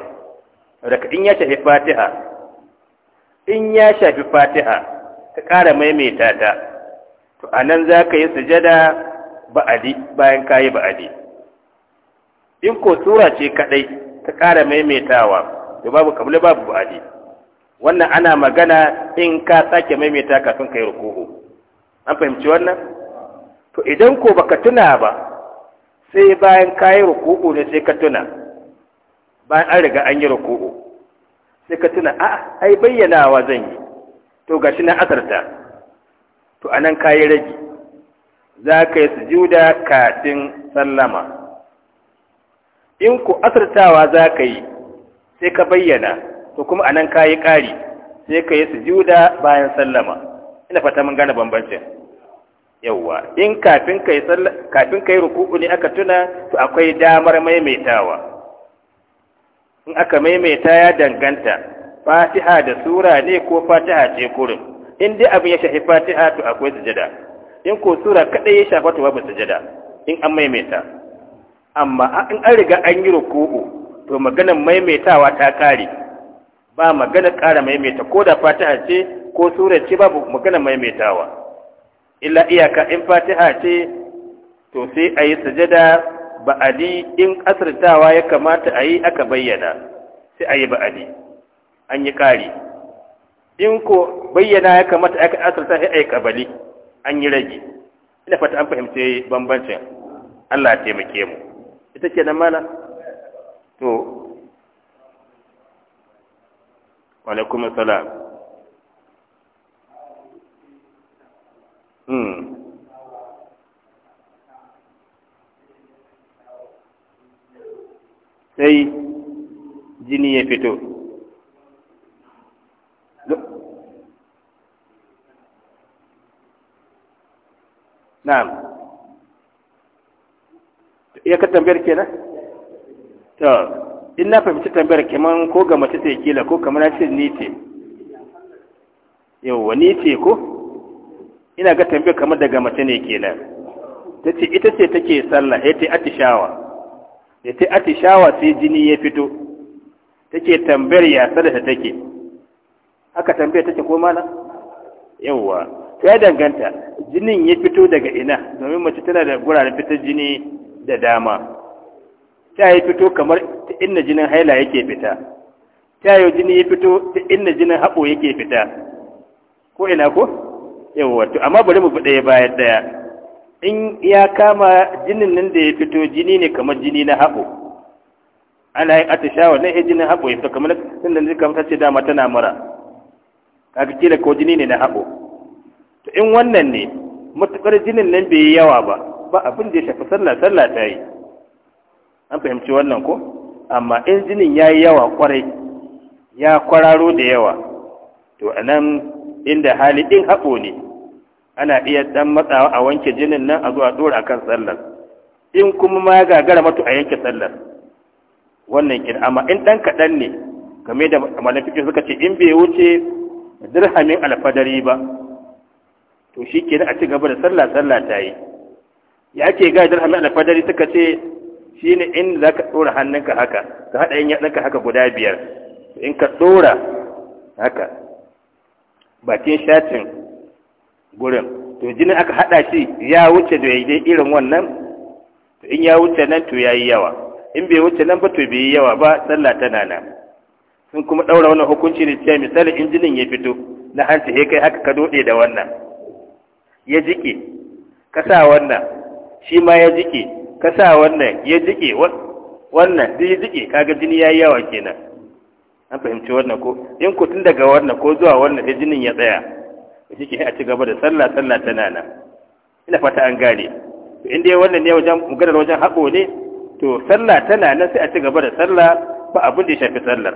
raka in ya shafi fatiha in ya shafi fatiha ka ƙara maimaita ta to a nan za ka yi sujada ba'adi bayan ka yi ba'adi in ko sura ce kaɗai ka ƙara maimaitawa to babu kabli babu ba'adi wannan ana magana in ka sake maimaita kafin ka yi ruku'u an fahimci wannan to idan ko baka tuna ba sai bayan kayi ruku'u ne sai ka tuna bayan an riga an yi ruku'u sai ka tuna a ai bayyanawa zan yi to gashi na asarta to anan kayi rage za ka yi sujuda kafin sallama in ku asartawa za ka yi sai ka bayyana to kuma anan kayi ƙari sai ka yi sujuda bayan sallama ina fata mun gane bambancin yawwa in kafin kai sallah kafin kai ruku'u ne aka tuna to akwai damar maimaitawa in aka maimaita ya danganta fatiha da sura ne ko fatiha ce kurin in dai abin ya shafi fatiha to akwai sujada in ko sura kadai ya shafa to babu sujada in an maimaita amma in an riga an yi ruku'u to maganar maimaitawa ta kare ba magana ƙara maimaita ko da fatiha ce ko sura ce babu maganar maimaitawa illa iyaka in fatiha ce to sai a yi sajada ba'adi in asirtawa ya kamata a yi aka bayyana sai a yi ba'adi an yi ƙari in ko bayyana ya kamata aka asirta sai a yi ƙabali an yi rage ina fata an fahimci bambancin Allah taimake mu ita ce nan mana to alaikum salam Hmm. sai jini ya fito na'am ya ka tambayar na to in na fahimci tambayar kaman ko ga mace ta yi kila ko kamar ce ni ce yau wani ce ko ina ga tambayar kamar daga mace ne kenan ta ce ita ce take sallah ya ta atishawa ya ta atishawa sai jini ya fito take tambayar ya sallah take haka tambayar take ko mala yawwa to ya danganta jinin ya fito daga ina domin mace tana da guraren fitar jini da dama ta yi fito kamar ta inna jinin haila yake fita ta yi jini ya fito ta inna jinin haɓo yake fita ko ina ko yawa to amma bari mu bi ɗaya bayan ɗaya in ya kama jinin nan da ya fito jini ne kamar jini na haɓo ana yin atishawa na yin jinin haɓo ya fito kamar nan da kamar ta ce dama tana mura kaga kila ko jini ne na haɓo to in wannan ne matuƙar jinin nan bai yi yawa ba ba abin da ya shafi sallah sallah ta yi an fahimci wannan ko amma in jinin ya yi yawa kwarai ya kwararo da yawa to anan inda hali din haƙo ne ana iya ɗan matsawa a wanke jinin nan a zuwa ɗora akan sallar in kuma ma gagara matu a yanke sallar wannan kin amma in ɗan kaɗan ne game da malafikin suka ce in bai wuce dirhamin alfadari ba to shi kenan a ci gaba da sallah sallah ta yi ya ke ga dirhamin alfadari suka ce shi ne in za ka ɗora hannunka haka ka haɗa yin yaɗanka haka guda biyar in ka ɗora haka bakin shatin gurin to jinin aka haɗa shi ya wuce da yayi irin wannan to in ya wuce nan to yayi yawa in bai wuce nan ba to bai yi yawa ba sallah tana nan sun kuma ɗaura wannan hukunci da cewa misali in jinin ya fito na hanci he kai haka ka da wannan ya jike ka sa wannan shi ma ya jike ka sa wannan ya jike wannan duk ya jike kaga jini yayi yawa kenan an fahimci wannan ko in ku tun daga wannan ko zuwa wannan sai jinin ya tsaya shi a ci gaba da sallah sallah tana nan ina fata an gane to in dai wannan ne wajen maganar wajen haƙo ne to sallah tana nan sai a ci gaba da sallah ba abin da ya shafi sallar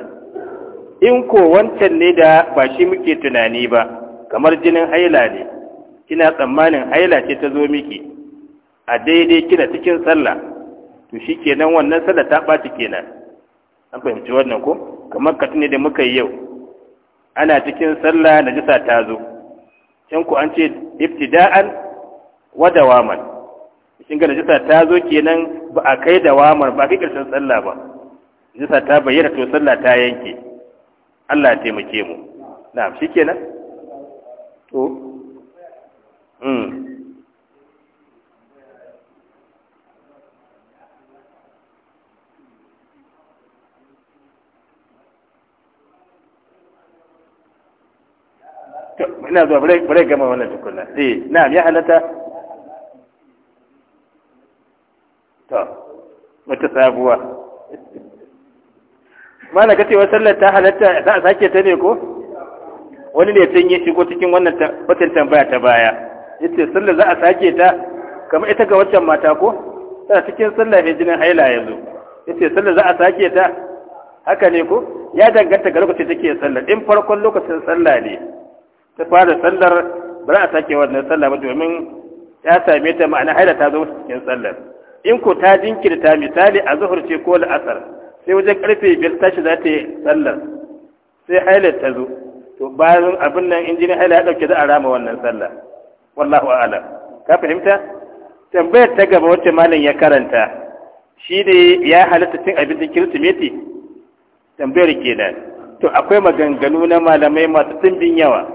in ko wancan ne da ba shi muke tunani ba kamar jinin haila ne kina tsammanin haila ce ta zo miki a daidai kina cikin sallah to shi kenan wannan sallah ta ɓaci kenan an fahimci wannan ko kamar katin ne da muka yi yau ana cikin sallah na jisa ta zo can ku an ce iftida'an wa dawaman cikin ga najisa ta zo kenan ba a kai dawaman ba a kai karshen sallah ba najisa ta bayyana to sallah ta yanke Allah ya taimake mu na'am shikenan to mm ina zuwa bare gama wannan tukunna eh na'am ya halata to wata sabuwa mana kace wa sallar ta halatta za a sake ta ne ko wani ne tun yi shigo cikin wannan watan tambaya ta baya yace sallar za a sake ta kamar ita ga waccan mata ko tana cikin sallar jinin haila yanzu yace sallar za a sake ta haka ne ko ya danganta ga lokacin take sallar in farkon lokacin sallah ne ta fara sallar ba za a sake wannan sallah ba domin ya same ta ma'ana haida ta zo cikin sallar in ko ta jinkirta misali a zuhur ce ko la'asar sai wajen karfe biyar tashi za ta yi sallar sai haila ta zo to bayan abin nan in jini haila ya dauke za a rama wannan sallah wallahu a'lam ka fahimta tambayar ta gaba wacce malam ya karanta shi ne ya halatta cin abincin kirsimeti tambayar kenan to akwai maganganu na malamai masu tumbin yawa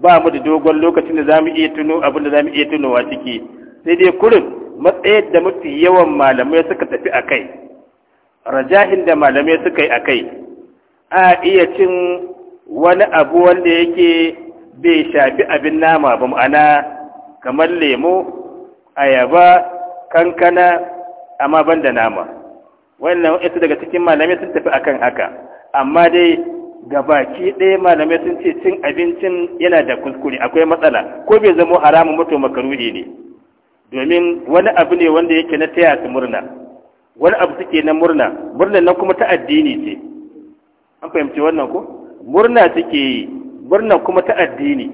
ba mu da dogon lokacin da za mu iya tuno abin da za mu iya tunowa ciki sai dai kurin matsayar da mafi yawan malamai suka tafi a kai rajahin da malamai suka yi a kai a iya cin wani abu wanda yake bai shafi abin nama ba ma'ana kamar lemo ayaba kankana amma ban da nama wannan ita daga cikin malamai sun tafi akan haka amma dai ga baki ɗaya malamai sun ce cin abincin yana da kuskure akwai matsala ko bai zama haramun mutum makaruhi ne domin wani abu ne wanda yake na taya su murna wani abu suke na murna murna nan kuma ta addini ce an fahimci wannan ko murna suke yi murna kuma ta addini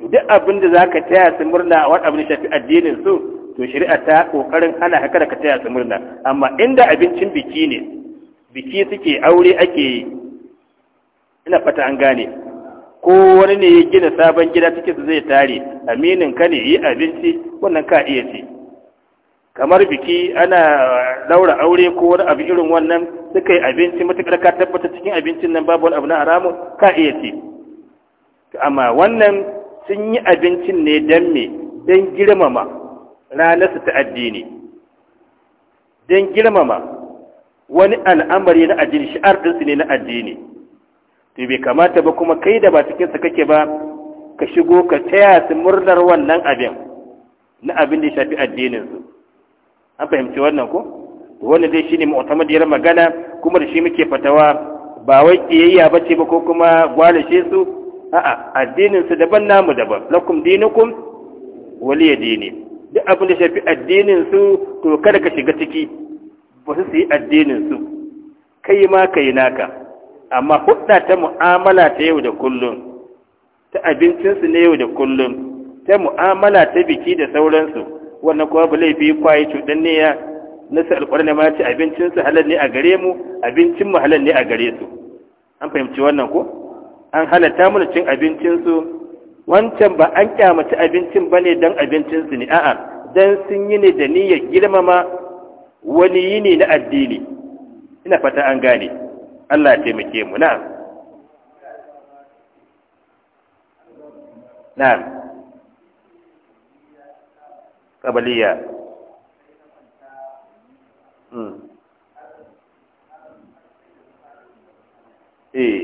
duk abin da zaka taya su murna wani abu ne shafi addinin su to shari'a ta kokarin hana haka da ka taya su murna amma inda abincin biki ne biki suke aure ake yi ina fata an gane ko wani ne ya gina sabon gida cikin zai tare aminin ka ne yi abinci wannan ka iya ce kamar biki ana laura aure ko wani abu irin wannan suka yi abinci matuƙar ka tabbata cikin abincin nan babu wani abu na haramun ka iya ce amma wannan sun yi abincin ne don me don girmama ranar su ta addini don girmama wani al'amari na addini shi'ar ɗinsu ne na addini to bai kamata ba kuma kai da ba cikin sa kake ba ka shigo ka taya su murnar wannan abin na abin da ya shafi addinin su an fahimci wannan ko wannan dai shine mu'tamadiyar magana kuma da shi muke fatawa ba wai kiyayya ba ce ba ko kuma gwalishe su a'a addinin su daban namu daban lakum dinukum waliya dini duk abin da ya shafi addinin su to kada ka shiga ciki ba su yi addinin su kai ma kai naka amma hudda ta mu'amala ta yau da kullum ta abincinsu na yau da kullum ta mu'amala ta biki da sauransu wannan kuma ba laifi kwaye ne ya nasu alƙwarni ma ce abincinsu halal ne a gare mu abincin mu halal ne a gare su an fahimci wannan ko an halatta mana cin abincinsu wancan ba an kyamaci abincin ba ne don abincinsu ne a'a don sun yi ne da niyyar girmama wani yini na addini ina fata an gane Allah ya taimake mu na'am na'am kabaliya mm eh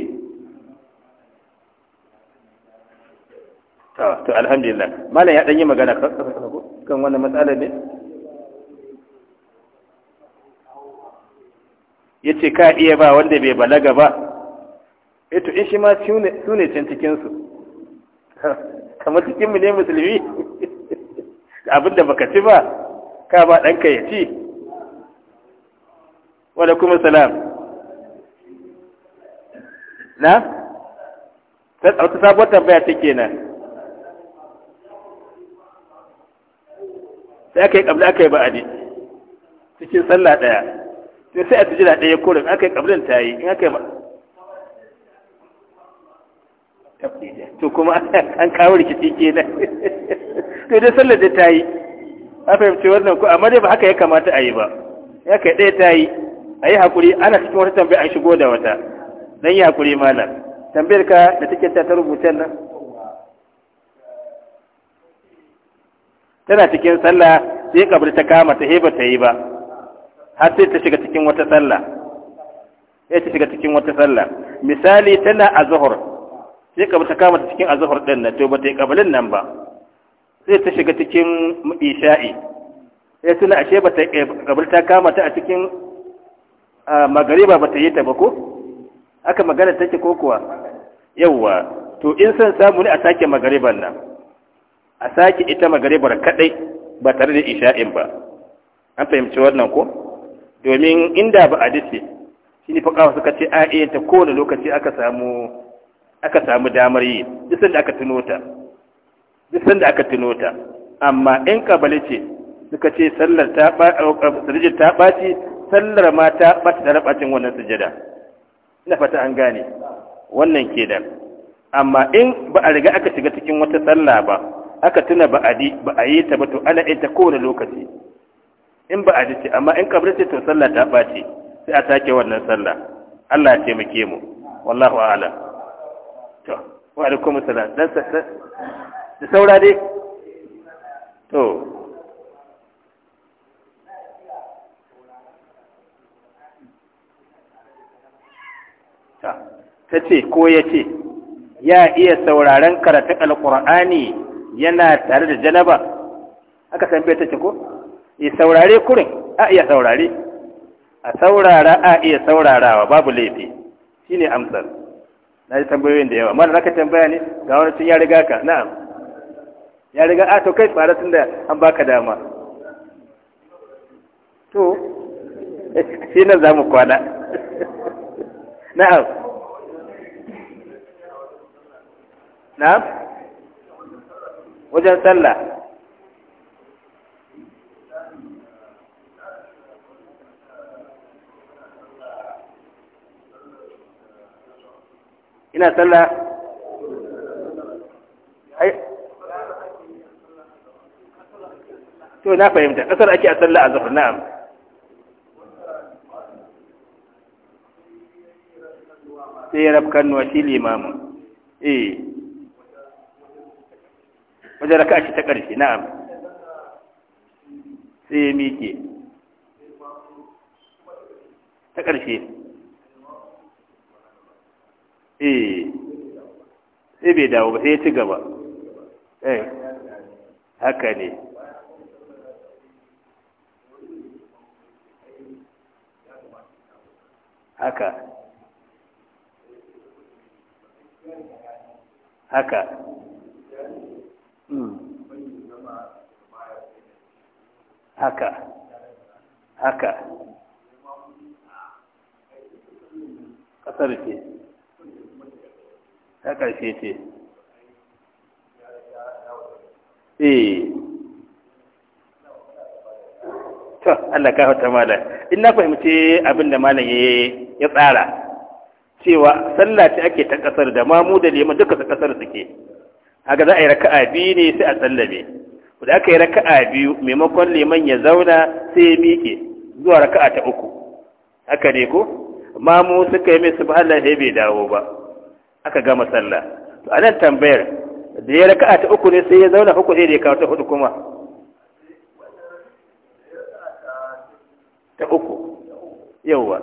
to alhamdulillah malam ya dan yi magana kan wannan matsalar ne ya ce ka iya ba wanda bai balaga ba eto eh in shi ma su ne can cikinsu [LAUGHS] kamar cikinmu ne musulmi [LAUGHS] abinda baka ci ba ka ba ɗanka ya ci wadda kuma salam na? wata sabuwar tambaya ta kenan sai aka yi ƙabla aka yi ba'adi cikin sallah ɗaya sai sai a jira ɗaya kore aka yi ƙablin ta yi in aka yi to kuma [LAUGHS] an kawo rikici ke nan [LAUGHS] to dai sallar da ta yi a fahimci wannan ko amma dai ba haka ya kamata a yi ba ya kai ɗaya ta yi a yi haƙuri ana cikin wata tambaya an shigo da wata don yi haƙuri malam tambayar ka da take ta ta rubuta nan tana cikin sallah sai kabri ta kama ta heba ta yi ba har sai ta shiga cikin wata sallah sai ta shiga cikin wata sallah misali tana a Zuhur. sai ka ta kama ta cikin Zuhur din nan to ba ta yi kabalin nan ba sai ta shiga cikin isha'i sai tuna ashe ba ta kabal ta kama ta a cikin magariba ba ta yi ta ba ko aka magana take ko kuwa yawwa to in san samu ne a sake magariban nan a sake ita magaribar kadai ba tare da isha'in ba an fahimci wannan ko domin inda ba a dace shi ne fakawa suka ce a iya eh, ta kowane lokaci aka samu damar yi duk da aka tuno ta amma in kabale ce suka ce sallar ta ɓaci ta ɓaci sallar ma ta ɓaci tare ɓacin wannan sujada ina fata an gane wannan ke da. amma in ba a riga aka shiga cikin wata sallah ba aka tuna ba a ba a yi ta ba to ana ita kowane lokaci in ba a dace amma in kabri ce to sallah ta ɓace sai a sake wannan sallah Allah ya taimake mu wallahu ala. to wa alaikum salam dan da saura dai to ta ce ko ya ce ya iya sauraron karatun alkur'ani yana tare da janaba aka san ta ce ko i saurare kurin a iya saurare a saurara a iya saurarawa babu laifi shine amsar na ji tambayoyin da yawa mana zaka tambaya ne ga wani tun ya riga ka na'am ya riga a to kai fara tun da an baka dama to [LAUGHS] shi nan za mu kwana [LAUGHS] na'am na'am wajen sallah ina sallah to na fahimta kasar ake a sallah a zuhur na'am sai kannu nuwa shi limamin eh wajen raka shi ta ƙarshe na'am sai ya miƙe ta ƙarshe eh sai bai dawo ba sai ya ci gaba eh, haka ne haka haka hmm. haka haka ƙasar ce ta ƙarshe ce eh to Allah ka hauta malam in na fahimci abin da malam ya tsara cewa sallah ce ake ta kasar da mamu da lema duka ta kasar suke haka za a yi raka'a biyu ne sai a sallame da aka yi raka'a biyu maimakon leman ya zauna sai ya miƙe zuwa raka'a ta uku haka ne ko mamu suka yi mai subhanallah sai bai dawo ba aka gama sallah to a nan tambayar da ya raka'a ta uku ne sai ya zauna hukun sai da ya kawo ta hudu kuma ta uku yawwa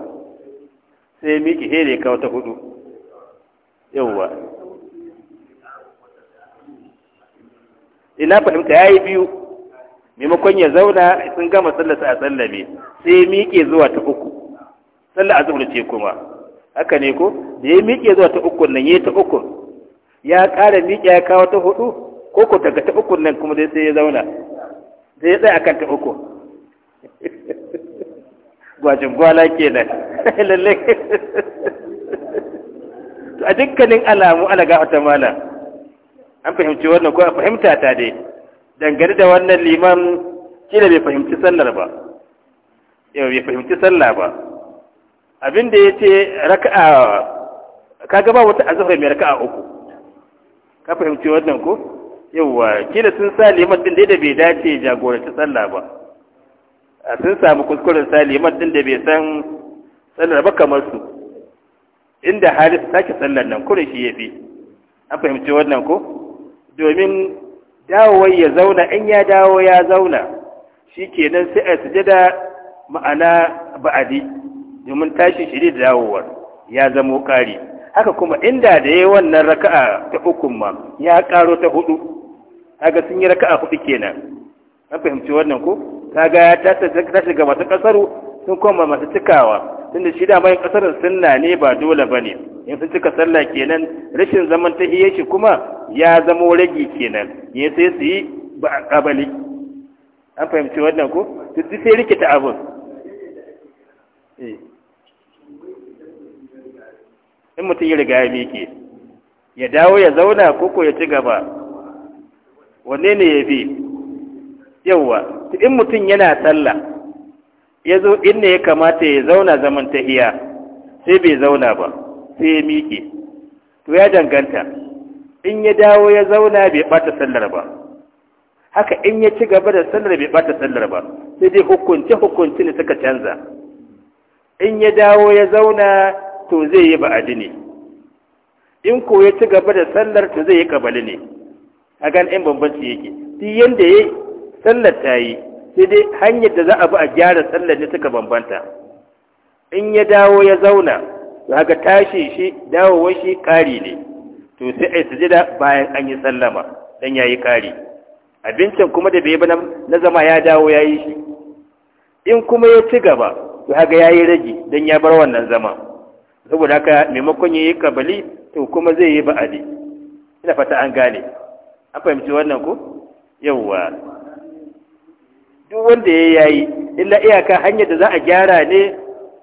sai ya miƙe sai da ya kawo ta hudu yawwa ina fahimta ya yi biyu maimakon ya zauna sun gama sallarsa a sallame sai ya miƙe zuwa ta uku sallar azumar ce kuma haka ne ko da ya miƙe zuwa ta ukun nan ya ta ukun ya ƙara miƙe ya kawo ta hudu ko ko daga ta ukun nan kuma sai ya zauna sai ya tsaya akan ta ukun [LAUGHS] gwajin gwala kenan [LAUGHS] lalle to a dukkanin alamu ala ga mala an fahimci wannan ko a fahimta ta dai dangane da wannan liman kila bai fahimci sallar ba yau bai fahimci sallah ba abinda ya ce raka'a ka gaba wata azhar mai raka'a uku ka fahimci wannan ko yawa kila sun sa liman din da bai dace jagoranci sallah ba sun samu kuskuren sa liman din da bai san sallar ba kamar su inda halis sake sallar nan kuma shi ya fi. an fahimci wannan ko domin dawowar ya zauna in ya dawo ya zauna shi kenan sai a sujada ma'ana ba'adi domin tashi shirin da dawowar ya zamo ƙari haka kuma inda da ya wannan raka'a ta ukun ma ya ƙaro ta hudu kaga sun yi raka'a hudu kenan an fahimci wannan ko kaga ya tashi ga masu kasaru sun koma masu cikawa da shi da mai sun sunna ne ba dole bane in sun cika sallah kenan rashin zaman tahiyar shi kuma ya zamo ragi kenan ya sai su yi ba a kabali an fahimci wannan ko duk sai rikita abun eh in mutum ya riga ya miƙe ya dawo ya zauna koko ya ci gaba wanne ne ya fi yauwa in mutum yana sallah ya zo inda ya kamata ya zauna zaman tahiya sai bai zauna ba sai ya miƙe to ya danganta in ya dawo ya zauna bai ɓata sallar ba haka in ya ci gaba da sallar bai ɓata sallar ba sai dai hukunce hukunci ne suka canza in ya dawo ya zauna to zai yi ba'adi ne in ko ya ci gaba da sallar to zai yi kabali ne a gan in bambanci yake duk yanda ya sallar ta yi sai dai hanyar da za a bi a gyara sallar ne suka bambanta in ya dawo ya zauna za tashi shi dawowar shi ƙari ne to sai a yi sujada bayan an yi sallama dan ya yi ƙari abincin kuma da bai ba na zama ya dawo ya yi shi in kuma ya ci gaba to haga ya yi rage don ya bar wannan zama saboda haka maimakon ya yi kabali to kuma zai yi ba'adi ina fata an gane an fahimci wannan ko yawwa duk wanda ya yayi illa iyaka hanyar da za a gyara ne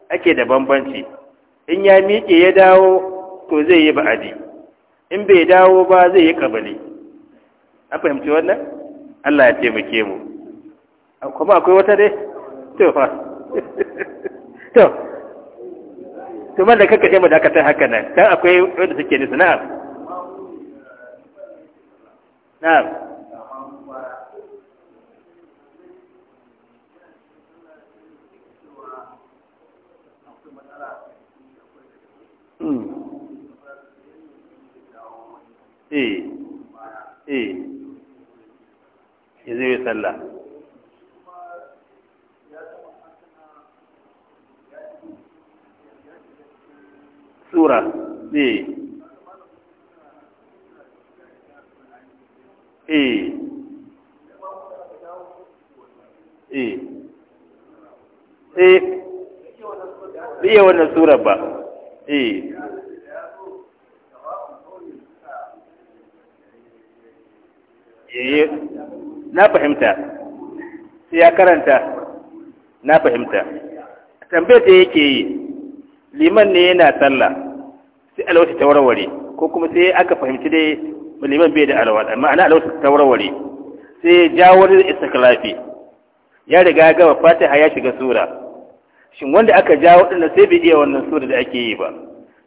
ake da bambanci in ya miƙe ya dawo to zai yi ba'adi in bai dawo ba zai yi kabali an fahimci wannan Allah ya taimake mu kuma akwai wata dai to fa [LAUGHS] to to da kanka sai mu dakatar haka nan dan akwai wanda suke ni sana'a na'am hmm. Eh, eh, ya yi sallah. sura eh e e e biye wannan sura ba eh na fahimta sai ya karanta na fahimta tambayar da yake yi liman ne yana sallah sai alwata ta warware ko kuma sai aka fahimci dai liman bai da amma ma'ana alwata ta warware sai ya jawo istiklafi ya riga gama fatiha ya shiga sura shin wanda aka jawo din sai bai iya wannan sura da ake yi ba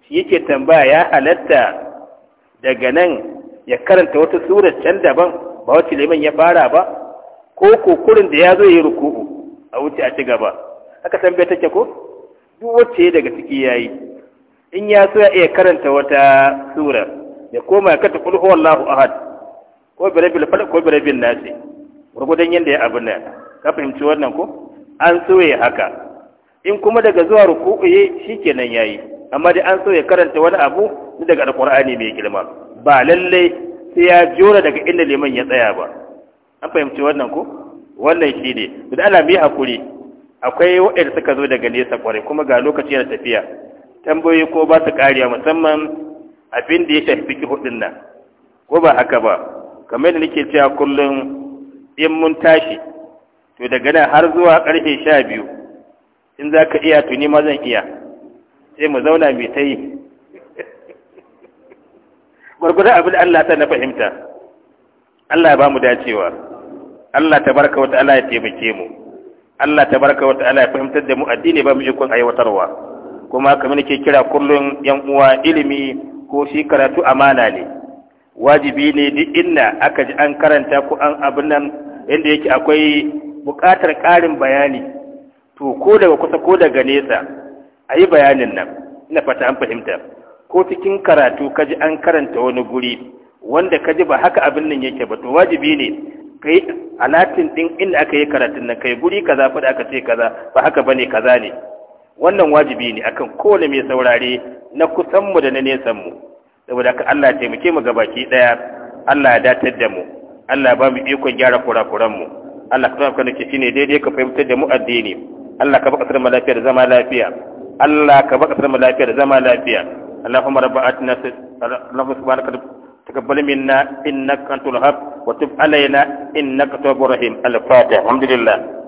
shi yake tambaya ya halatta daga nan ya karanta wata sura can daban ba wacce liman ya fara ba ko kokurin da ya zo ya yi ruku'u a wuce a ci gaba aka tambaye take ko duk wacce ya daga ciki ya yi in ya so ya iya karanta wata sura ya koma ya kata kulhu wallahu ahad ko birabil falak ko birabil nasi gurgudan yanda ya abin nan ka fahimci wannan ko an so ya haka in kuma daga zuwa ke nan shikenan yayi amma dai an so ya karanta wani abu daga alqur'ani mai girma ba lalle sai ya jora daga inda liman ya tsaya ba an fahimci wannan ko wannan shine da ana mai hakuri akwai waɗanda suka zo daga nesa kwarai kuma ga lokaci yana tafiya tambayoyi ko ba su kariya musamman abin da ya shafi fiki hudun nan ko ba haka ba kamar da nake cewa kullum in mun tashi to daga nan har zuwa karfe sha biyu in za ka iya to ma zan iya sai mu zauna mai ta yi [LAUGHS] gwargwadon abin da Allah ta na fahimta Allah ya ba mu dacewa Allah ta barka wata Allah ya taimake mu Allah ta baraka wa ta'ala ya fahimtar da mu addini ba mu ikon aiwatarwa kuma kamar nake kira kullum yan uwa ilimi ko shi karatu amana ne wajibi ne duk inda aka ji an karanta ko an abin nan inda yake akwai buƙatar ƙarin bayani to ko daga kusa ko daga nesa a yi bayanin nan ina fata an fahimta ko cikin karatu ka ji an karanta wani guri wanda ka ji ba haka abin nan yake ba to wajibi ne kai alatin din inda aka yi karatun nan kai guri kaza fa aka ce kaza ba haka bane kaza ne wannan wajibi ne akan kowane mai saurare na kusan mu da na nesan mu saboda ka Allah ya taimake mu gabaki daya Allah ya datar da mu Allah ba mu ikon gyara kurakuran mu Allah ka ka nake shine daidai ka fahimtar da mu addini Allah ka baka sarma lafiya da zama lafiya Allah ka baka sarma lafiya da zama lafiya Allahumma rabbana atina Allahumma subhanaka تقبل منا إنك أنت الهب وتب علينا إنك توب رحيم الفاتح الحمد لله